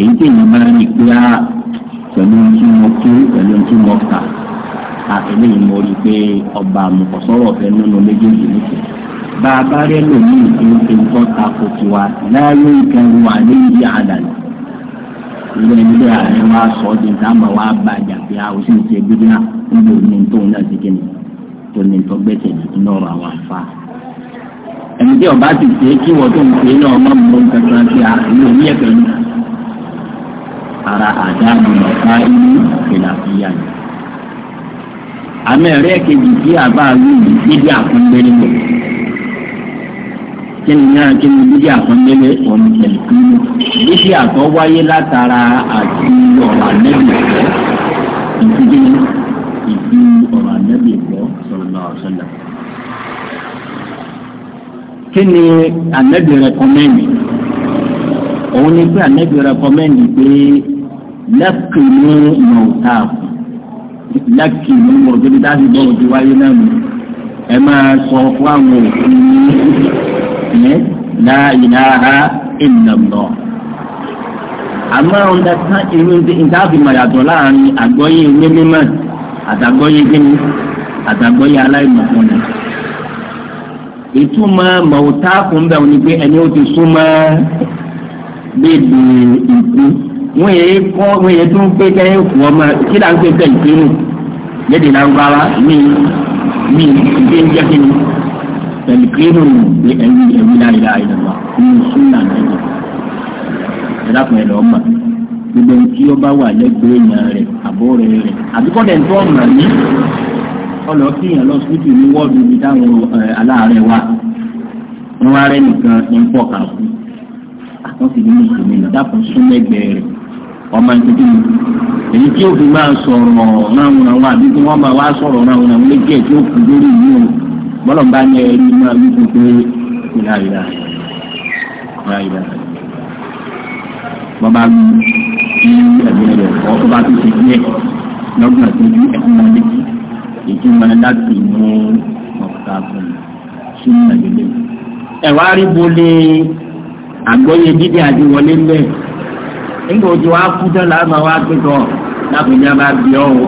èyí tí èèyàn máa ń rí pé á pẹ̀lú tí mo kú pẹ̀lú tí mo kà á eléyìí mo rí i pé ọba àmùkọ̀sọ́rọ̀ fẹ́ nínú méjèèjì nìkan bá a bá rẹ lòmíì tí ó ti ń tọ́ ta kò tí wa láàyè ìkẹrù wà ní ìdí àdàlù ilé ilé ààrẹ wa sọ ọ́ di dáàmà wa bá a jà pé a ò sì ń ṣe gbígbé náà níbi òní tó ń láti kéde tó ní tó gbẹ́sẹ̀ nínú ọ̀rọ̀ àwọn àfa ẹni tí ọba ti ṣe kí wọ́n tó ń ṣe náà ọmọ mi ló ń kankan ara àdánù ọ̀pá inú ìlàfíà ni. àmì ẹ̀rẹ́ kejì tí àbá rí níbi àkúndélé lò kí ni náà kí ni bíbí àkúndélé ọ̀nà ìlú bíbí àtọ́ wáyé látara àti ọ̀rọ̀ ànẹ́bì ìfẹ́ ìdílé ìdí ọ̀rọ̀ ànẹ́bì ìfẹ́ sọ̀rọ̀ ọ̀sọ̀lẹ̀. kí ni ànẹ́bì rẹ̀ kọ́mẹ́ǹdì òun ni pé ànẹ́bì rẹ̀ kọ́mẹ́ǹdì pé lẹ́kìnní mọ̀ọ́tà lẹ́kìnní mọ̀ọ́tà bí dáàbì bọ́ọ̀ ti wáyé náà nù ẹ máa sọ fún àwọn òkú ní la ilaha illallah àmọ́ ọ̀dà tán irú ìdáàbì màyàtọ̀ láàrin àgbọ́yé ilé mímọ́ àtàgbọ́yé kíni àtàgbọ́yé aláìmọ̀kan ni. ìtumọ̀ mọ̀ọ́tà fún bẹ́ẹ̀ pé ẹni ó ti súnmọ́ bíbi ìkú wọn yẹ kọ́ wọn yẹ tó ń pé kẹ́ fún ọmọ kí là ń pè bẹ́ẹ̀ ìpín lédè lárúbáwá mi mi ìgbé ń jẹ́ ni pẹ̀lú pé ní ẹ̀mí ẹ̀mí láyé láyé lọ́wọ́ nínú súnà nàìjíríà ẹ̀dá kan ẹ̀ lọ́ọ́ gbogbo ohun tí ó bá wà lẹ́gbẹ̀ẹ́ èèyàn rẹ̀ àbọ̀ rẹ̀ rẹ̀ àbíkọ́dẹ̀ ń tọ́ ọ̀nà ní ọlọ́ kí èèyàn lọ síbi ní wọ́ọ̀dù ibi táwọn aláàárẹ̀ wà wọn wá rẹ̀ nìkan ní pọ̀ kà fún àkọsílẹ̀ mùsùlùmí lọ́dà kan sún lẹ́gbẹ̀ẹ́ rẹ̀ ọmọ ìdílé èyí tí òfin máa sọ̀rọ̀ ráhùn àwọn àbí tí wọ́n máa wá sọ̀rọ̀ ráhùn àwọn méjì ẹ̀ tí ó kù lórí ìlú o bọ́lọ̀ ń bá ní ẹni máa wí pé ìlàìlà ìlàìlà bọ́bá lu kí ẹ̀mí rẹ̀ kọ́ tó bá tó ṣe díẹ̀ lọ́gbọ̀n tó ju ẹ̀kú wọn létí èyí máa láti mú ọ̀pá fún un sí ìlàgbélé. ẹ̀wá rí bolé àgbọ́yé dídí àti wọlé bẹ́ẹ̀ nígbà òjò wa kú tán là máa wá pẹtọ lápẹjá bá bí ọ wọ.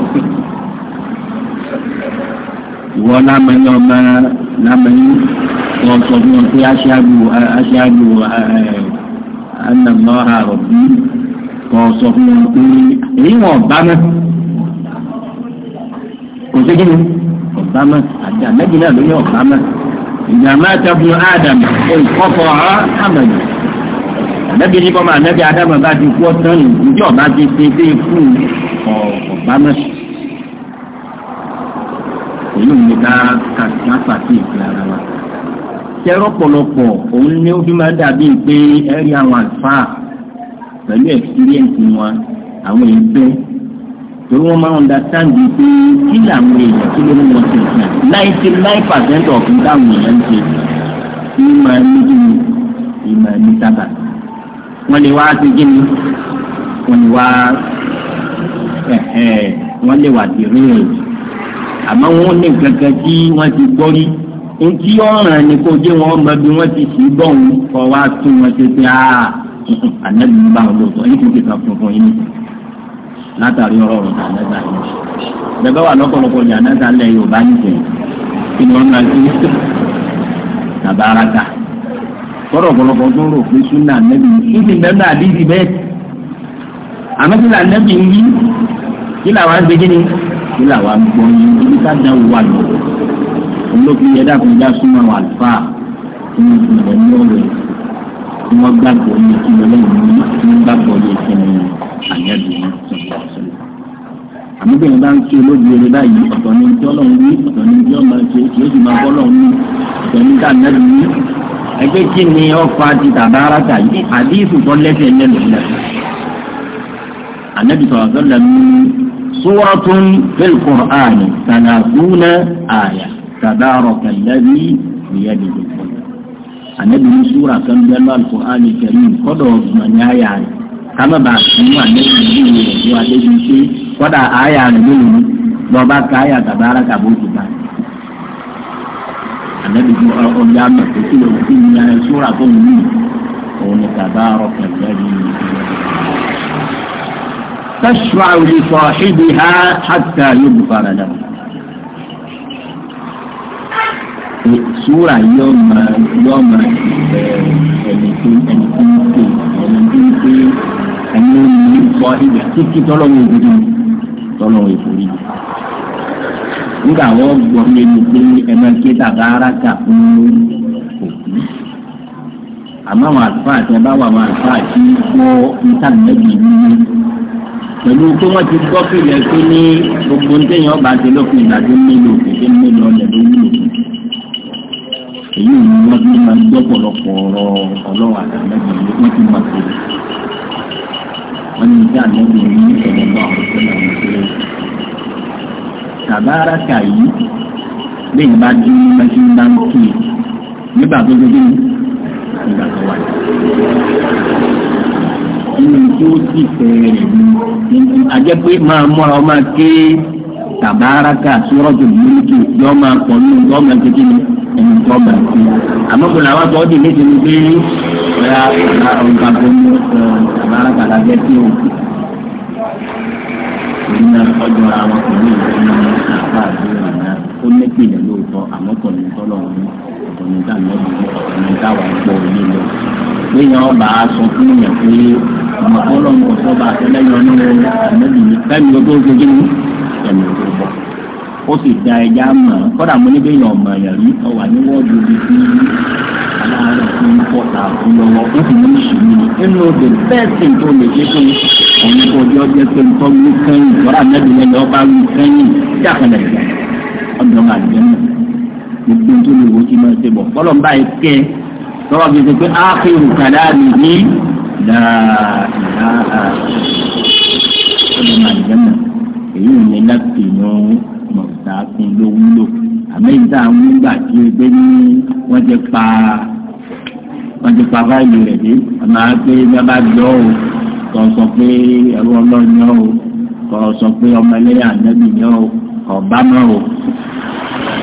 ìwọ lámẹyìn ọmọ lámẹyìn wọn sọ fún wọn pé aṣáájú aṣáájú anamọ àròbí kọ sọ fún wọn pé èyí wọn bá mọ kò sí kí ọba mọ àti àmẹjì náà ló ní ọba mọ ìjàmbá tẹ fún ádámù olùkọ́kọ́ ọ̀hán àmàlù ànábi ní bọ́mọ ànábi adámọ bá ti kú ọtán ní ìdí ọba ti ṣe pé ikú ọ̀bámọ̀ èyí ni ká ká pàṣẹ ìpè ara wa. tẹ́rọ pọ̀lọpọ̀ òun ni ó fi máa dàbí pé ẹ rí àwọn àlùfáà pẹ̀lú ẹ̀kíríẹ̀ǹsì wọn àwọn ẹgbẹ́ torí wọ́n máa ń understand pé kí làwọn èèyàn kí ló ń wọ́n ṣe ṣe ninety nine percent of ìdáhùn èèyàn ń ṣe ìmọ̀ ẹni ìmọ̀ ẹni sábà wọ́n lè wá sí gíní wọ́n lè wá wọ́n lè wà sí rírì àmọ́ wọ́n ní kankan tí wọ́n ti gbọ́ rí ntí ọ̀ràn ni kò jẹ́ wọn mọ bí wọ́n ti sì bọ̀ wọn kọ́ wá tún wọn ṣe pé áá ànábi ń bá wọn lóòótọ́ yìí kò kéka funfun yìí látàrí ọ̀rọ̀ ọ̀rọ̀ ànágbà yìí bẹ́ẹ̀ wà lọ́pọ̀lọpọ̀ ní ànágbà lẹ̀ Yorùbá nìkẹ́ kí ni wọ́n máa ń ṣe tàbáraka tọ́rọ̀ ọ̀pọ̀lọpọ̀ tó rò pé súnà nẹ́bí yìí ti bẹ́ẹ̀ náà dídì bẹ́ẹ̀ àmọ́ kí là nẹ́bí yìí kí là wà ń gbégé ni kí là wà ń gbọ́ yìí kí ká dá wà lọ olókùn yẹ dàpọ̀ ìjà súnmọ́ wà fà kí wọ́n ti lọ ní ọ̀rẹ́ kí wọ́n gbàgbọ́ ní kí wọ́n lẹ́yìn ní kí wọ́n gbàgbọ́ ní kí wọ́n àyẹ̀dù wọn sọ̀rọ̀ sọ̀rọ̀ àmì bí wọn bá ń ṣe olóògbé rẹ báyìí ọ̀tọ̀ ni tí ọlọ́run wí ọ̀tọ̀ ni tí ọmọ ṣe kí ó sì máa bọ́ ẹgbẹ́ kí ni ọ̀fà ti tàbá ara ta yìí àdéhùn tó lẹ́sẹ̀ lẹ́nu lẹ́sẹ̀. anabi sọ̀rọ̀ sọ́lá mi sóratún fil Qur'ani sàlàkúnà àyà tabaraka alladhi biyadihi anabi ní sóra kan bẹ́ẹ̀ lọ́wọ́ Qur'ani karim kọ́dọ̀ ọ̀gbọ̀n ní àyà rẹ̀ kámẹ́bà fún anabi yìí rẹ̀ ló adébíyí kọ́dà àyà rẹ̀ lónìí lọ́ba ànábi fún ọjà mọ̀ tó kí lóun fi ní ara sóra tó ń mú òun ní kàbá ọkọ̀ ìgbàlè yìí. تشفع لصاحبها حتى يغفر له súra yóò máa yóò máa ẹni tí ẹni tí ń pè ẹni tí ń pè ẹni tí ń sọ ìgbà títí tọ́lọ́wọ́ ìgbìmọ̀ tọ́lọ́wọ́ ìgbìmọ̀ nígbà wọn gbọ́ yé mi pé ẹ máa ké tàbá aráka fún òkú àmọ́ àwọn àlùfáà tẹ bá wà àwọn àlùfáà tí gbọ́ níta mẹ́bí yìí pẹ̀lú pé wọ́n ti gbọ́ pìlẹ̀ pé ní gbogbo ń tẹ̀yìn ọba àti lópin ìgbà tó ń mélòó kò tó ń mélòó ọ̀lẹ̀ ló wúlò èyí ò ní wọ́n ti máa gbọ́ pọ̀lọpọ̀ ọ̀rọ̀ ọlọ́wà àtàlẹ́bí yìí wọ́n ti máa ní tàbáraka yìí lẹ́yìn bá dín bá dín bá ń kí i nígbà tó dúdú nígbà tó wà ní. inú tí ó sì fẹ́ẹ́ rẹ̀ ni ajẹ́ pé máa múra ọ máa ké tàbáraka sọ́rọ́tò lóríkì yọ máa pọ̀ nínú tó máa ké ẹni tó máa ké. àmọ́ kò làwọn sọ ọ́ di méjì ni pé ọ̀ya ọ̀gá ọ̀gá gbọ́n tàbáraka làbẹ́ tí o nínú ọjọ́ àwọn ìlú ìlú àpá àdúrà náà ó nípìnlẹ̀ lóòótọ́ àmọ́ kò ní tọ́lọ̀ wọn kò ní dà lọ́dún kò ní dáwà pọ̀ ilé lọ. léèyàn ọba aṣọ fún yàn pé ọmọ ọlọ́run kò sọ́ba àtẹlẹ́yìn ọdún rẹ̀ àmẹ́bí fẹ́mi ọdún ojú kí ni fẹ́mi ọdún bọ̀ ó sì da ẹja mọ̀ kọ́dà mo ní bẹ́yìn ọ̀mọ̀ ẹ̀yàn rí ọ wà ní wọ́ọ̀dù ibi tí aláàárọ̀ fún pọ̀tà fún lọ́wọ́ ó sì ní ìṣòro ni nínú the best thing tó lè ṣe fún ọ̀nà ọjọ́ jẹ́ pé ń tọ́ kẹ́yìn kọ́dà mẹ́rin lẹ́yìn ọba ló kẹ́yìn jákèjá ọ̀dọ̀ máa jẹ́ mọ̀ gbogbo tó lè wo sí máa ṣe bọ̀ fọlọ́ ń báyìí kẹ́ lọ́wọ́ fi ṣe pé áàfin kàdá tá a fún ló wúlò àmọ́ èyí tá a mú gbà tí o gbé ní wọ́n ti pa wọ́n ti pa báyìí rẹ̀ dé àmọ́ pé bàbá gbọ́ o kò sọ pé ẹ̀rọ ọlọ́ọ̀ni o kò sọ pé ọmọ ẹlẹ́yà nẹ́bí ni o kò bá mọ́ o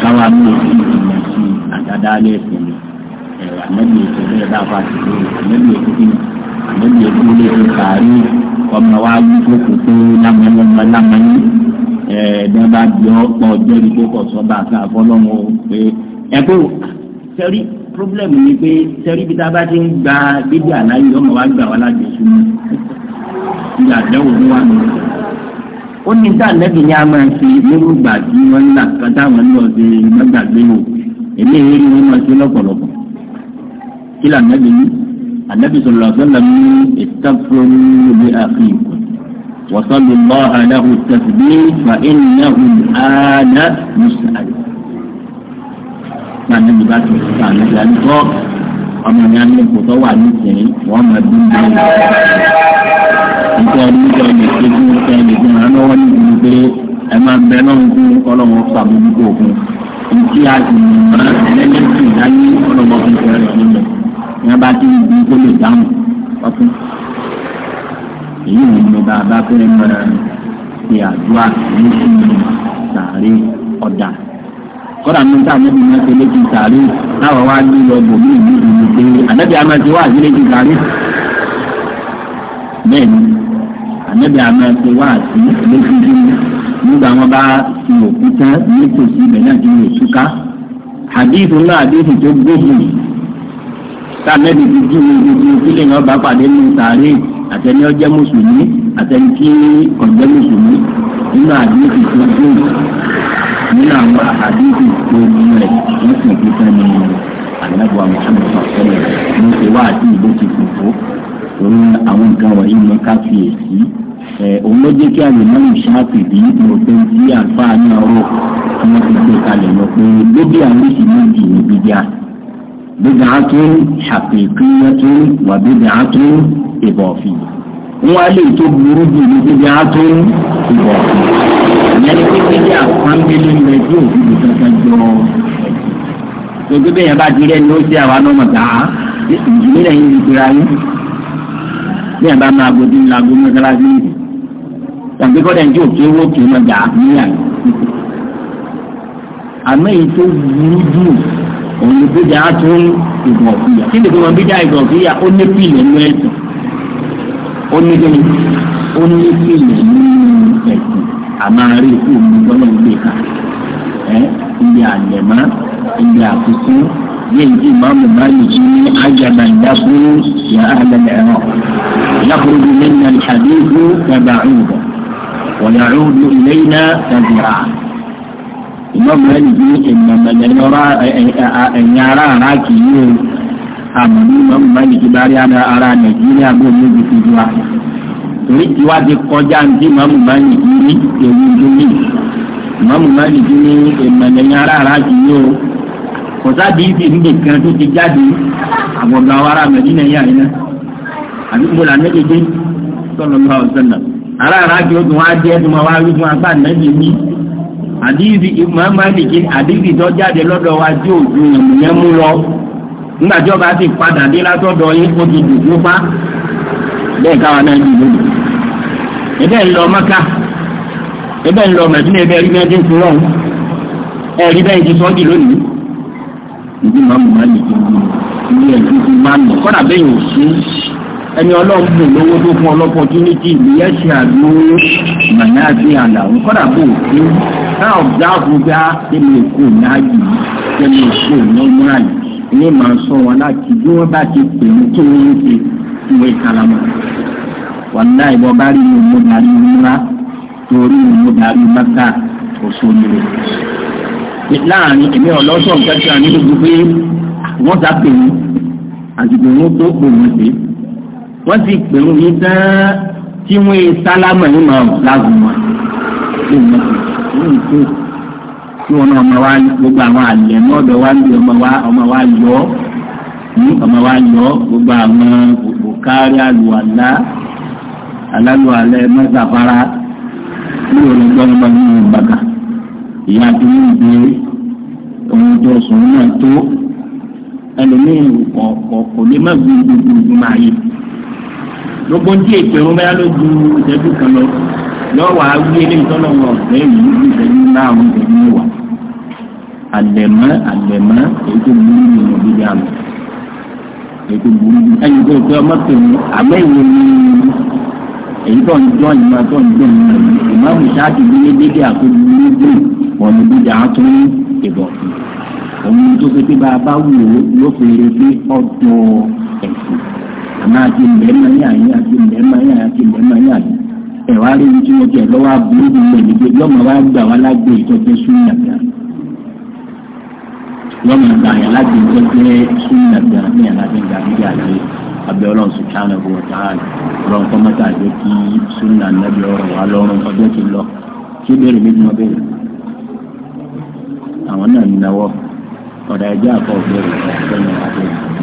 káwa ní òbí ìrìnà sí àdádálẹ̀ ìpínlẹ̀ ẹ̀rọ ànẹ́bí ètò bẹ́ẹ̀ bá fa sí lórí ànẹ́bí ètò kí ni ànẹ́bí ètò lè fi kàárí ọmọ wa yí kókò pé lámọ́lọ́mọ́ lámọ́ yí ẹ̀ẹ́dọ́gba bí ọ̀pọ̀ ọjọ́ ìdílé kọ̀ sọ́ba àti àfọlọ́wọ́ pé ẹ̀kọ́ sẹ́rí pírọ́blẹ́mù ni pé sẹ́rí bí tá a bá ti ń gba bíbí àlàyé ọmọ wa gbà wá lájọ súnmọ́ ìyá àdẹ́wò ló wà nù. ó ní tá àlẹ́bí ni a máa fi lórúgbà tí wọ́n ń là kátà wọn lọ sí ìgbàgbé wò èmi èyí ni wọ́n máa ṣe lọ́pọ̀lọpọ̀ kí làǹdẹ́bí ni àlẹ́bí àgbẹ̀lẹ̀ mi ìtàkùn ní ilé àfihàn وصلوا الله له التسبيح فإنه الآن يسأل máa níbi bá ti sọ àmì ìgbà ní kọ́ ọmọ mi á ní ipò tó wà nísìnyí wọ́n máa bí mi lọ. nítorí níjọ lè ṣe fún ẹ lè fún ara lọ́wọ́ ní ìlú pé ẹ máa bẹ lọ́run fún ọlọ́wọ́ fàmójútó òkun. ìtí a sì mú ọ̀rá ẹlẹ́sìn láyé ọlọ́wọ́ fún ìfẹ́ rẹ̀ nílẹ̀. ìyá bá ti ń bí tó lè dáhùn ọtún èyí ni mo bá bá fẹ́ mọ́ra ṣe àdúrà ní sínú sàárè ọ̀dà. kọ́dà mi ta níbi máa ṣe léjì sàárè táwọn wá ní ọgbọ̀n mi ní ìlú pé ànábì àmà ti wá sí léjì sàárè. bẹ́ẹ̀ ni ànábì àmà ti wá sí léjì sàárè nígbà wọn bá ti òkú nítòsí ibẹ̀ náà ti lè túká. hadith náà hadith tó gbógun tá ànábì ti dúró ibi tí ó sílẹ̀ náà bá pàdé ní sàárè àtẹni ọjẹ́ mùsùlùmí àtẹni tí ọjẹ́ mùsùlùmí nínú àdéhùn tó dùn nínú àwọn àdéhùn tó dùn rẹ̀ wọ́n sì fi fẹ́ ní àlẹ́bù àmọ́sọ́nù sọ̀tẹ́lẹ̀ ní ṣe wá àti ìlú ti fòfó òun àwọn nǹkan wọ̀nyí ni ká fi èsì òun ló jẹ́ kí àlùmọ́nì ṣáàpì bí mo pé tí àǹfààní ọ̀rọ̀ tí wọ́n ti gbé kalẹ̀ lọ pé lóbi àwọn ìṣìlẹ̀ ìdìbò bídàátú ṣàpèkúnyẹ́tú wà bídàátú ìbọ̀fì. wọ́n á lè tó burú jù ní bídàátú ìbọ̀fì. ìyẹn ní pípé ní àpáńgbélé ń bẹ tí òfin lè kankan jọ. gbogbo bẹ́ẹ̀ yẹn bá ti rẹ́ ní ó ṣe àwa náà mọ̀tà á ah, ìjìnlẹ̀ yìí ti ra yín. bí bá máa gbòdì ńlá gbó mọ́sálásí tàbí kọ́dẹ̀ ń jẹ́ òkè owó kì í níyà. àmọ́ èyí tó burú jù òun ni bíjà á tún ìgbọ̀n òfìyà kí ni ìgbọ̀n bíjà ìgbọ̀n òfìyà ó ní pìlẹ̀ nínú ẹ̀sìn ó ní kí ni ó ní pìlẹ̀ nínú ẹ̀sìn àmàárí ikú mi gbọ́dọ̀ gbé ká ẹ ibi àlẹ̀mọ́ ibi àfikún yéèyí ìmáàmù báyìí sí ní àjàgbá ìdákúrú yà á lẹ́lẹ̀ ẹ̀rọ ìdákúrú bíi lẹ́yìn àdéhùn kẹbàá ìbọ̀ wọ̀nyàrá ó lé ilé iná ìmọ̀mọ́ ẹni bí ẹ̀yìn ara ara kì í yóò àmọ́ ní ìmọ̀mọ́ ẹni tí bá rí ara nàìjíríà bó ní ibi tó wà. torí tiwa ti kọjá ní ìmọ̀mọ́ ẹni tí ní ewu tó ní ìmọ̀mọ́ ẹni tí ní ìmọ̀mọ́ ẹ̀yìn ara ara kì í yóò kọ̀sá bí ibi ìdíje kan tó ti jáde àwọn ọ̀gá ara mẹ̀dínà yà yín náà àbí mo là mẹ́tẹ̀ẹ́dẹ́ sọ̀rọ̀ lọ́wọ́ ara ara kì ó tún wá jẹ́ tó àdìsí ìmọ̀ mọ́lìkì àdìsí tó jáde lọ́dọ̀ wa tí ò ju ìmùyẹn mú lọ nígbà tí ọba ti padà dé látọ̀dọ̀ yín ó ti dùn fún pa bẹ́ẹ̀ káwa náà dùn lónìí. ẹ̀bẹ̀ ń lọ mọ́ká ẹ̀bẹ̀ ń lọ mẹ̀tún ẹ̀bẹ̀ rí mẹ́tún fún lọ́hùn ẹ̀rí bẹ́ẹ̀ ti sọ́ọ́dì lónìí. ìdí màmú mọ́lìkì ilé ẹ̀jú ti máa nù kọ́dà bẹ́ẹ̀ yóò sí ẹni ọlọ́run bùn lówó tó fún ọlọ́pọ̀ tó ní kí ìgbéyàṣẹ́ àdúró màyà àti àlà tá ọ̀gá àbúgbá ẹni èkó náà yìí ẹni èkó lọ́múra yìí ilé máa ń sọ wọn láti bí wọ́n bá ti pè ní kí wọ́n ń ṣe ìwé kalamọ́. wọn náà ìbọn bá rí mi mo darí múra torí mi mo darí mọ́tà òṣòlù rẹ̀. láàrin èmi ọlọ́sọ̀ nǹkan tí a ní lójú pé wọ́n ta pè mí àdìgbò wọn tó pè mí pé wọ́n ti pè mí tán tí wọ́n sálámà ní màá lágùn wọn sí ìtò tí wọn náà ọmọ wa gbogbo àwọn àlẹ náà ọ̀dọ̀ wa ń bí ọmọ wa ọmọ wa yọ ní ọmọ wa yọ gbogbo àwọn bùkárí àlùwàlá alálùwàlẹ mẹsàfárá ní olùgbọ́ ọmọ ní ìbàkà ìyá tó ní ìdí ohun tó sùn náà tó ẹlòmíín kọ̀ọ̀kọ̀ kò lè má gbé gbogbo ìgbìmọ̀ ààyè gbogbo ń tí èpè ń bá lójú ìṣẹ́jú kan lọ lọ́wọ́ awí eléyìí tọ́lọ̀ wọn ọ̀fẹ́ yìí ní ìṣẹ́jú náà ń bẹ̀ ní wà. àlẹ̀mọ́ àlẹ̀mọ́ èyí tó burú ní ìwọ̀n bí dáa lọ. èyí tó burú ní ẹni tó pé ọmọ tèmi àbẹ́ ìwé ni èyí tó ń jọ ìmọ̀ tó ń jọ ìmọ̀ ìmọ̀mù ṣáàtì bí ní dédé àkójú ní dé wọn ni bí ẹ̀wá rí ibi tí wọ́n ti ẹ̀ lọ́wọ́ aburú mi lè níbi lọ́mọ wa gbà wá lágbo ìtọ́jú súnmọ́ àgbà lọ́mọ ìgbà yẹn láti ìtọ́jú súnmọ́ àgbà ní àlàyé ìgbà níbi àlàyé abẹ́ ọlọ́run sùkánà bò wọ́n tààlà ọlọ́run kọ́ mọ́tà jẹ́ kí súnmọ́ ànábì ọ̀rọ̀ wa lọ́rùn ọjọ́ ti lọ kí bẹ́ẹ̀rẹ̀ méjì mọ́ bẹ́ẹ̀rẹ̀ àwọn náà ń náwó ọ̀dà ẹjọ́ àkọ́ bẹ́ẹ̀rẹ̀ ọ̀dà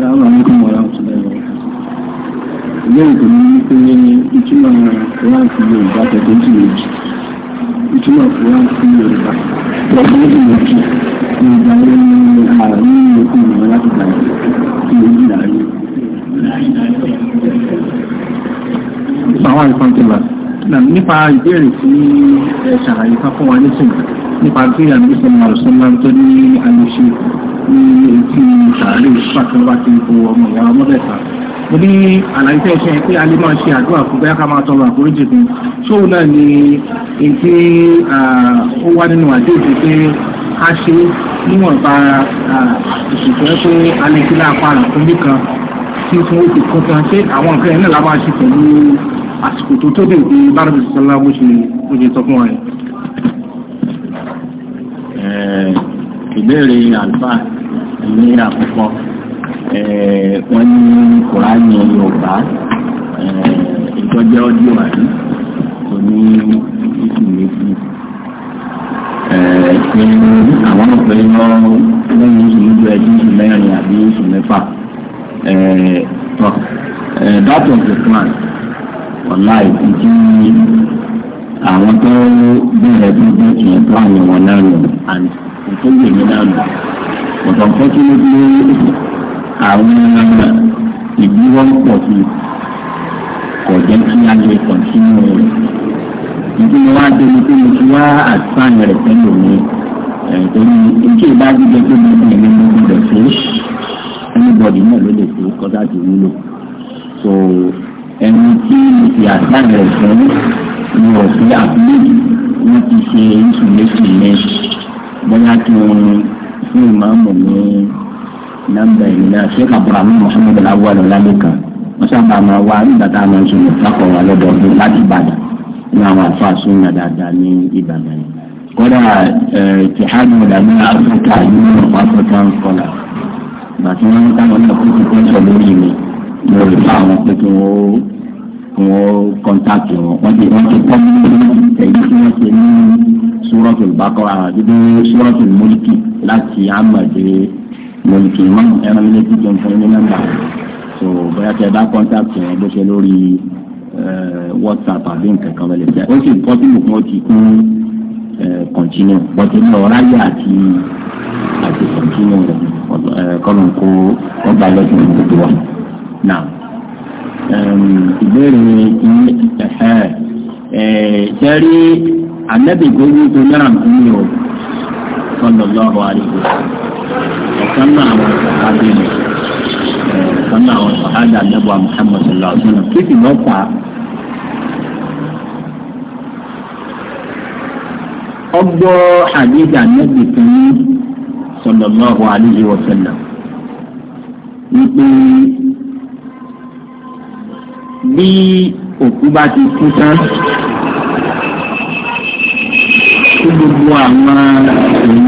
Assalamu ìbéèrè tí ẹ ṣàlàyé fún wa nísìnyí nípa bí àmì ìsọ̀rọ̀ sọ́lá tó ní àlùṣe nígbà tí wọ́n bá ti bo ọmọ ìyá ọmọ mẹ́ta mo ní àlàyé tẹ́ ṣe pé a lè máa ṣe àdúrà fún bẹ́ẹ̀ ká máa tọrọ àforíjì fún ṣóò náà ni èké ó wá nínú àdéhùn pé a ṣe níwọ̀nba ìṣètò ẹ pé a lè fi láàpá àkúndé kan tí fún oṣù kan tán ṣé àwọn nǹkan yẹn náà lábàá ṣe pẹ̀lú àsìkò tó tó dé ìdí bára bíi sọlá bó ṣe bó ṣe sọ fún wa ìbéèrè àlùfáà ní àkọ́kọ́. Eh, wọ́n ní kùránì yorùbá eh, ìtọ́jẹ́ ọdíò àrí tó ní oṣù méjì ṣe eh, àwọn òpè lọ lẹ́yìn oṣù méjì ẹ̀dí oṣù mẹ́rin àbí oṣù mẹ́fà that was the plan ọ̀la ìdíjí àwọn tó bẹ̀rẹ̀ bí bí ìyẹn plan wọn náà nù and ìtọ́jú èmi náà nù but unfortunately àwọn ìdíwọ́ pọ̀ sí kò jẹ́ kí a lè kọ̀tínú rẹ̀. Ìdí mo wá dé ni pé mo ti wá àtúnṣàn rẹ̀ pẹ̀lú mi. Ẹ̀ẹ́dẹ́ni ìdí ìbájú jẹ́ pé mo bẹ̀rẹ̀ mo gbọdọ̀ sí. Ẹnibọ̀dì náà ló lè fi kọ́tà ti wúlò. So ẹni tí mo ti àtúnṣàn rẹ̀ fún mi ò fi àbúrò wọ́n ti ṣe oṣù méjì Bọ́lá kí wọ́n fún ìmáàmù ní nọ́mbà yìí náà sheikh abdulrahman muhammed awal ọlálẹ́kan wọ́n sábà máa wá nígbà tá a máa ń sọ ìfakọ̀ wa lọ́dọọdún láti ìbàdàn ní àwọn àfáà súnmọ́ dáadáa ní ìbàdàn yìí kódà tìhánù ìdàmú áfíríkà yìí ní african scholar bàtí wọ́n ń táwọn náà kókó kó sọ lórí mi mo lè fa àwọn pé kí wọ́n wọ́n kọ́ńtàkì wọn wọ́n ti wọ́n ti kọ́ mí èyí tí wọ́n ti ní súrọ́tù ìbákọ́ àwọn àdúgbò súrọ́tù mọ́lìkì láti àmàdé lóríkè mọ ẹran ilé tí jẹun fún yín ní nọ́mbà so bóyá tẹ bá contact yẹn bó ṣe lórí eh, whatsapp àbí nǹkan kan wọlé tẹ ó sì possible fún ó ti kún eh, continue but ní ọ̀rá yẹ àti àti continue rẹ eh, kọ́nù kó ọgbà lọ́sùn gbogbo wa náà um, ìbéèrè ṣẹ́rí anábìgbó ní tó náà ń yọ sallallahu alaihi wasallam ọ̀kan eh, náà àwọn àbí rẹ̀ ọ̀kan náà àwọn àdá àdàbọ̀ Muhammad sallallahu alaihi wa sallam kí ìlọ́ pa. ọgbọ́ àdéhùn ànábì kan ní sallallahu alaihi wa sallam wípé bí òkú bá ti kú tán kí gbogbo àwọn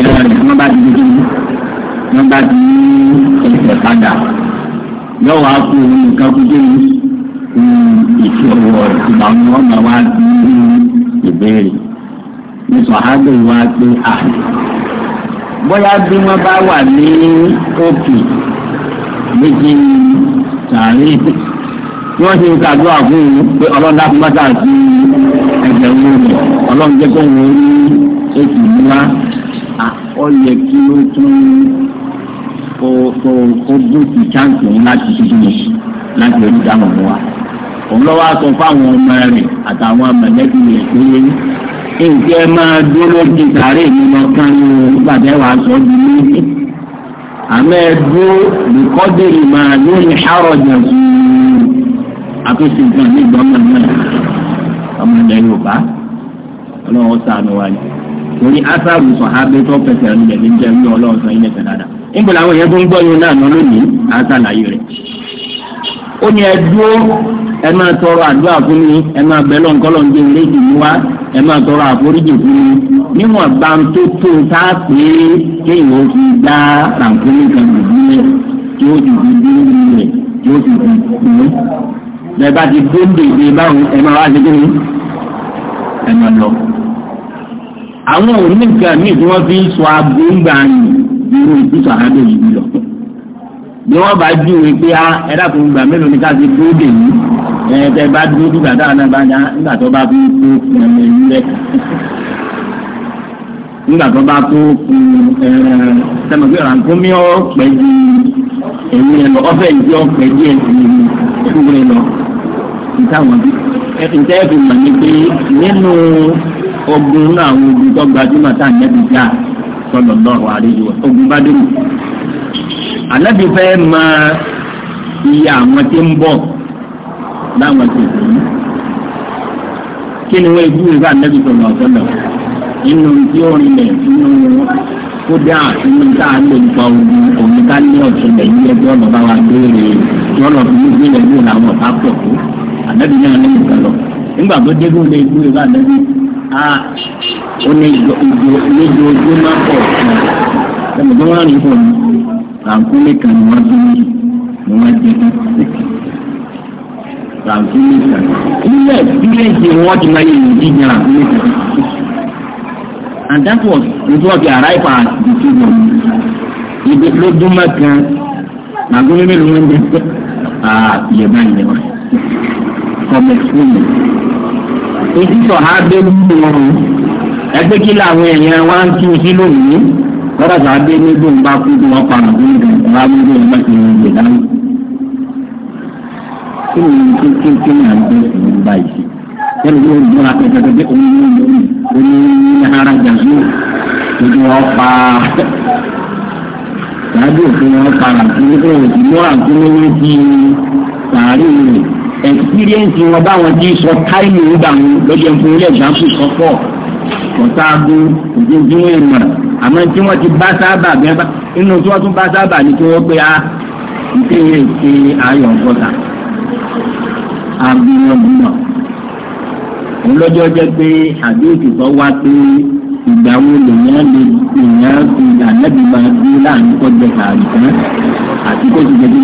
èèyàn rẹ̀ wọ́n bá ti di kí ni wọ́n bá ti ní ẹsẹ̀ padà yóò wá kú nǹkan kúndé ìṣòwò ìgbà wọn máa wá sí ìbéèrè ní sọ̀hádùn wá pé à bóyá bí wọ́n bá wà ní òkè méjì sàárè tí wọ́n ṣe ń ṣàdúrà fún un pé ọlọ́run dá fún bàtà sí ẹgbẹ̀rún rẹ̀ ọlọ́run jẹ́ kó wọ́n rí ètò ńlá ó kí ó tún kó kó bóòtù cháǹtì òun láti tuntun mi láti orí dáhùn mọ́ wa. òun lọ́wọ́ aṣọ fáwọn ọmọ rẹ̀ àtàwọn mẹ̀lẹ́bí rẹ̀ pé nǹkan ẹ máa dúró di sàárè mi lọ kán ní bàbá wa sọ di méjì. àmọ́ ẹ dúró bìkọ́dìrì máa lórí àròjà sùúrù àtúnṣe nǹkan ní ìgbọ́mọ̀ náà ọmọ ilẹ̀ Yorùbá ọlọ́run sànù wa ni. torí asáàbù sọ̀hábẹ́ tó fẹsẹ̀ rìn lẹ́ni jẹ́ ní ọlọ́run sọ ilẹ̀ fẹ́ dáadáa níbo làwọn èèyàn tó ń gbọ́ yóò náà nọ lónìí à ń sàlàyé rẹ̀. ó ní ẹ dúró ẹ máa tọrọ àdúrà fún mi ẹ máa bẹ lọ́nkọ́ lọ́n gbé léjì mi wá ẹ máa tọrọ àforíjì fún mi níwọ̀n bá ń tó tó tá a pè é kéèyàn ó fi dá ràǹkómi kan dùdú rẹ̀ tí ó dùdú dúró rẹ̀ tí ó fi dùdú. bẹ́ẹ̀ bá ti dóńdè ìgbé báwọn ẹ máa wá ṣe kí ni ẹ máa lọ àwọn òní nǹkan míì tí fi ń sọ agbóńgbà yìí irú ìtúsọ̀ àádọ́ yìí lọ. bí wọ́n bá jú wí pé ah, ẹ dákun gbà mélòó ni ká ti dúró dè yìí ẹ tẹ bá dúró dìgbà táwọn náà bá dá nígbà tó bá fún kó fún ẹmẹ yìí nígbà tó bá kó fún ẹ sẹmọgbé ránkó mi ọ pẹ ju èmi ẹ lọ ọfẹ ìdí ọpẹ díẹ̀ ẹkúnrẹ lọ ìtàwọn bí ẹ ǹtẹ́ ẹ fi mọ̀ ní pé nínú ogun náà àwọn ogun tó gbajúmọ̀ tá à ń yẹ ti já sọlọ lọrọ àríyí wọn ogun bá dé mi. ànábì fẹ́ mọ iye àwọn tí ń bọ̀ láwọn ti sè é kí ni wọ́n ebi ìwé ànábì sọlọ sọlọ inú tí ó rinlẹ̀ inú kódà inú tá a lè gba ogun òun ká ní ọ̀sẹ̀ lẹ́yìn ẹgbẹ́ ọ̀nà bá wa béèrè tí ọ̀nà tó ní ìgbélẹ̀ yóò làwọn ọ̀tá pọ̀ tó ànábì náà ní ìgbàlọ́ nígbà tó dé ó ní lójoojúmọ́ pọ̀ sí i ẹnìkan wà ní ìfọ̀n kan ni wọ́n ti ní wọ́n ti ní ràǹkúnmí kan ilé ìdílé wọn ti máa yẹ ìdíje ràǹkúnmí kan and that was it was the arrival at the season ibi lójúmọ́ kan ràǹkúnmí mélòó ń bẹ àà yẹ báyìí lẹ́wọ̀n kọ́mẹ́sì fún mi etí sọ̀há bẹ́ lórí ọrùn ẹgbẹ́ kí làwọn èèyàn wá ń kí sí lónìí lọ́dọ̀ sọ̀há bẹ́ lórí ọrùn bá kú tó wọ́n pa àwọn ọ̀gbìn ìgbà wọn lórí ọrùn bá ti rìn ìgbè dáhùn. kí ni kí kí kí ni à ń bẹ́ sí ní báyìí yẹ́nì yóò dún akẹ́kẹ́ pé òun ní òun ní ara jà sí ojú wọn pa lábẹ́ òfin wọn pa àti nígbà òsì mọ́ àti níwájú sàárè rẹ̀ experience wọn báwọn ti sọ táìmù nígbà wọn lọ́jọ́ fún ilé ìgbàmù kan pọ̀ kọ̀tàgó ìdíjúmọ̀ ìmọ̀ àmọ́ tí wọ́n ti bá sábà bẹ́ẹ̀ inú tí wọ́n tún bá sábà ní kí wọ́n pe a ìpè ìpè ayọ̀ ọ̀gọ́ta agbóhùnmọ̀ òun lọ́jọ́ jẹ́ pé àdéhùn tó wá pé ìgbà wo lè lèèyàn fi ìgbà náà bí máa gbé láàrin kọjá kàrí kan àti kó ti jẹ́ bí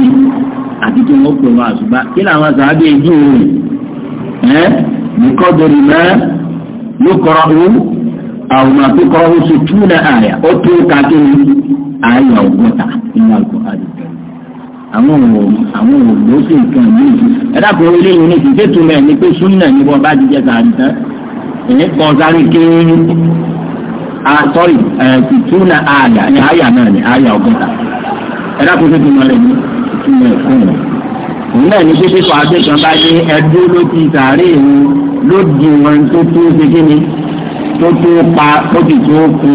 àti kí wọ́n pè wọ́n àṣùbá kí làwọn sàábì ẹjú òun ẹ́ nìkan bẹ̀rẹ̀ mẹ́ ló kọ́ra ó àwọn àti kọ́ra ó sì tú náà àyà ó tó káàkiri àyà ọgọ́ta nínú àlùkòkàdì. àwọn òwò àwọn òwò ló sì kàn ní ìlú ẹ dàpọ̀ ilé yìí ní ti tètè mẹ́ ni pé súnà ní wọ́n bá jíjẹ sàábì tán èyí kan sáré kéwìn sọ́rí tìtúnà àyà ní àyà náà ní àyà ọgọ́ta ẹ dàpọ̀ tètè mọ́ lẹ́yìn náà ní pípé kan akékan bá ní ẹdún ló ti sàárè ìlú ló di wọn tó tó ṣe kí ni tó tó pa ó ti tó kú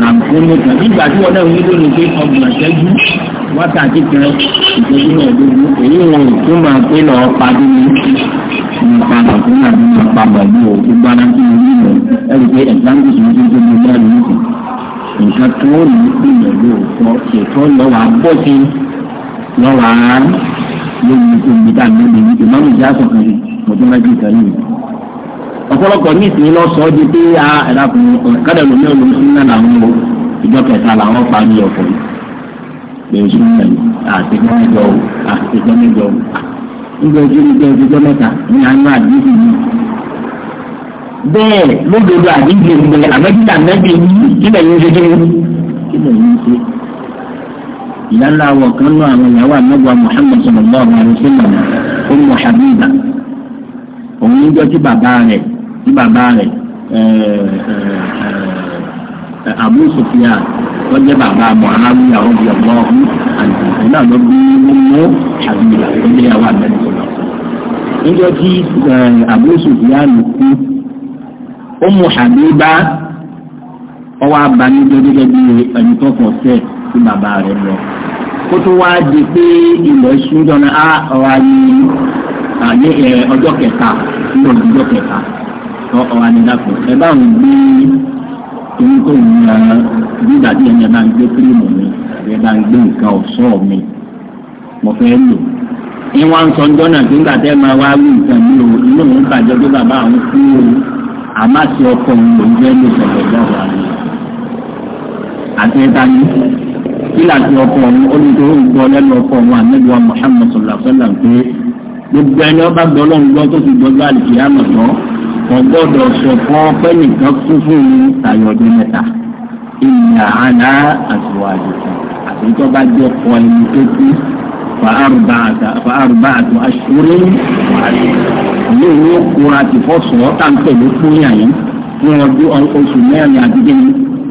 ràǹfóònù kan nígbà tí wọn náà ń lò ní pé ọgbọ̀n ṣẹ́jú wákàtí kan ìṣẹ́jú náà lójú èyí wọn ò máa pé lọ́ọ́ padì ní nípa àtúntò àti nípa pàbàbí o gbogbo ara tí mo nílò ẹ̀rí pé ẹ̀gbáǹdì tó ń tó gbogbo ẹ̀rí nìkan nǹkan tó ń lò ó ìyẹ̀lú ṣètò lọ́wọ́ àbọ̀tì lọ́wọ́ ara lórí olùdá níbi ìmọ̀mù ìjà sọ̀kan yìí mọ̀tún bá jù kàn yìí. ọ̀pọ̀lọpọ̀ ní ìsìn lọ sọ ọ́ di pé a ẹ̀dá fún kádà lómi olùsùn náà làwọn o ìjọ kẹta làwọn pa ní ọ̀fọ̀ yìí. bẹ́ẹ̀ sún náà yìí àti gbọ́mẹjọ o àti gbọ́mẹjọ o. nígbà ojú ní bẹ́ẹ̀ ojú mẹ́ta ní àánú àdínkù yìí. bẹ́ẹ̀ lódodo àdínkù yìí àmẹ́jìlá mẹ́bí ìyá ńlá wọ̀ kan nù àwọn ìyàwó àmọ́gbà Muhammad sallallahu alaihi wasallam Ummu Habiba òun níjọ́ tí bàbá rẹ̀ tí bàbá rẹ̀ Abu Sufyan wọ́n jẹ́ bàbá Muawiya ọ̀bí ọ̀gbọ́n ọ̀hún àti ìgbà ló bí Ummu Habiba ọ̀gbẹ́ ìyàwó àmọ́gbà sọ̀rọ̀ níjọ́ tí Abu Sufyan kú Ummu Habiba ọwọ́ abanijọ́ gẹ́gẹ́ bí ẹnìkọ́kọ̀ sẹ́ẹ̀ tí bàbá rẹ̀ lọ kó tó wá di pé ilẹ̀ ṣúndọ̀ náà a ọ̀rá ní àlẹ́ ẹ̀ ọjọ́ kẹta ní ọjọ́ kẹta ọ̀rá ní dàpọ̀ ẹ bá òun gbé ohun tó ń yan nígbà tí ẹ̀ bá ń gbé kírímù mi ẹ̀ bá ń gbé nǹkan ọ̀ṣọ́ mi mo fẹ́ lò ní wọn sọ ń dọ́nà tó ń gbà tẹ́ máa wá wí nǹkan mi ò inú mi bàjẹ́ pé bàbá àwọn kú o àmásí ọkọ̀ òun ló ń gbé ní ìṣẹ̀lẹ̀ ìjọba àti ẹ̀ta ní kílà tí ọkọ ọ̀hún onídòwò gbọ́ lẹ́nu ọkọ ọ̀hún àmẹ́lùwà Muhammad sallallahu alaihi wasallam pé gbogbo ẹni ọba gbọ́ lọ́n gbọ́ tó ti gbọ́gbọ́ àlùkí àmọ̀ tán kò gbọ́dọ̀ sọ fún ọpẹ́ nìkan kú fún un tàyọ̀ ọdún mẹ́ta ìyá àná àtúwà àdìsí àtúntò bá jẹ́ ọkọ ẹni tó kú fàárùbá àtò aṣọ́rẹ́ ilé ìwé kura ti fọ́sọ̀ táǹpẹ̀ ló kú yàyí fún ọdún oṣù mẹ́rin àdídé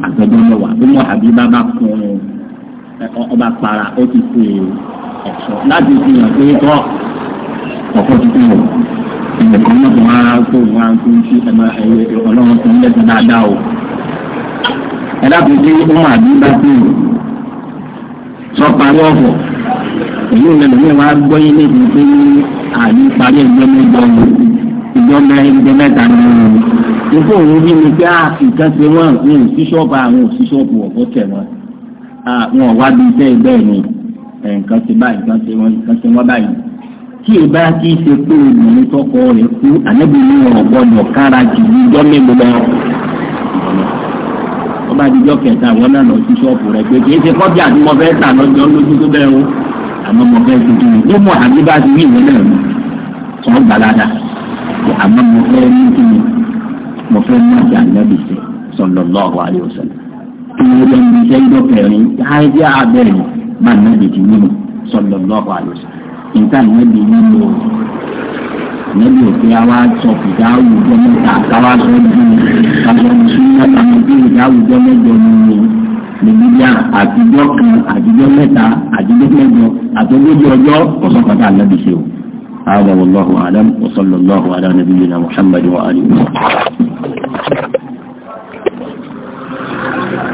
àtọ́dún mẹ́wàá bí wọ́n àbí bá bá kún un ọba para ó ti pè é ẹ̀ṣọ́ láti fi hàn pé tọ́ ọ̀pọ̀ ti pè é ẹ̀ẹ̀kan náà tó wá tó wá tó ń ṣe ẹ̀mọ ẹ̀yẹ ọlọ́run tó ń lẹ́sìn dáadáa o. ẹ dábòó pé ó wà ní bá pè é sọ parí ọ̀fọ̀ èyí ò lẹ́nu yẹn wá gbọ́ yín pé àní parí ẹgbẹ́ mẹ́jọ ìjọ mẹ́jọ mẹ́ta ni ìfowópamọ́ bí mi pé àfikẹ́sẹ̀ ah, wọn ní òṣìṣọ́ọ̀bù àwọn òṣìṣọ́ọ̀bù ọ̀pọ̀ tẹ̀ wọn. Ah, wọn wá bí iṣẹ́ ẹgbẹ́ mi eh, nǹkan ṣe báyìí nǹkan ṣe wọn nǹkan ṣe wọn báyìí. kí ìbá kí í ṣe pé obìnrin tọkọ rẹ̀ kú àlẹ́bí mi ò gbọ́dọ̀ kára jù ní ìjọ́ mélòó lọ. wọ́n bá dijọ́ kẹta àwọn náà lọ sí ṣọ́ọ̀bù rẹ̀ pé kì í ṣe kọ́bí àti mo fẹ́ tà lọ́jọ́ lójú tó bẹ́ẹ̀ o àmọ́ mo fẹ́ tuntun ní ní mo àbí bá ti rí ìwé náà mi sọ gbalada àmọ́ mo fẹ́ ní kí mo fẹ́ ní àjà àlẹ́bí sọ̀lọ́lọ́ọ̀ tí wọ́n lọ ní iṣẹ́ ìdọ́kẹ̀rin káyọ̀dé abẹ́rẹ́ máa ná lè ti wúlò sọ̀dọ̀ lọ́kọ̀ àlùsà níta ìnábi wúlò ìnábi òfin àwa sọ fìdá àwùjọ mẹ́ta káwá sọ ju káwọn súnmọ́ àwọn bí ìdá àwùjọ mẹ́jọ ní nàìjíríà àtijọ́ kan àtijọ́ mẹ́ta àtijọ́ mẹ́jọ àtọ́gbẹ́jọ ọjọ́ ọ̀sọ́kọ̀tà ànábi ṣe o. هذا والله أعلم وصلى الله على نبينا محمد وآله وصحبه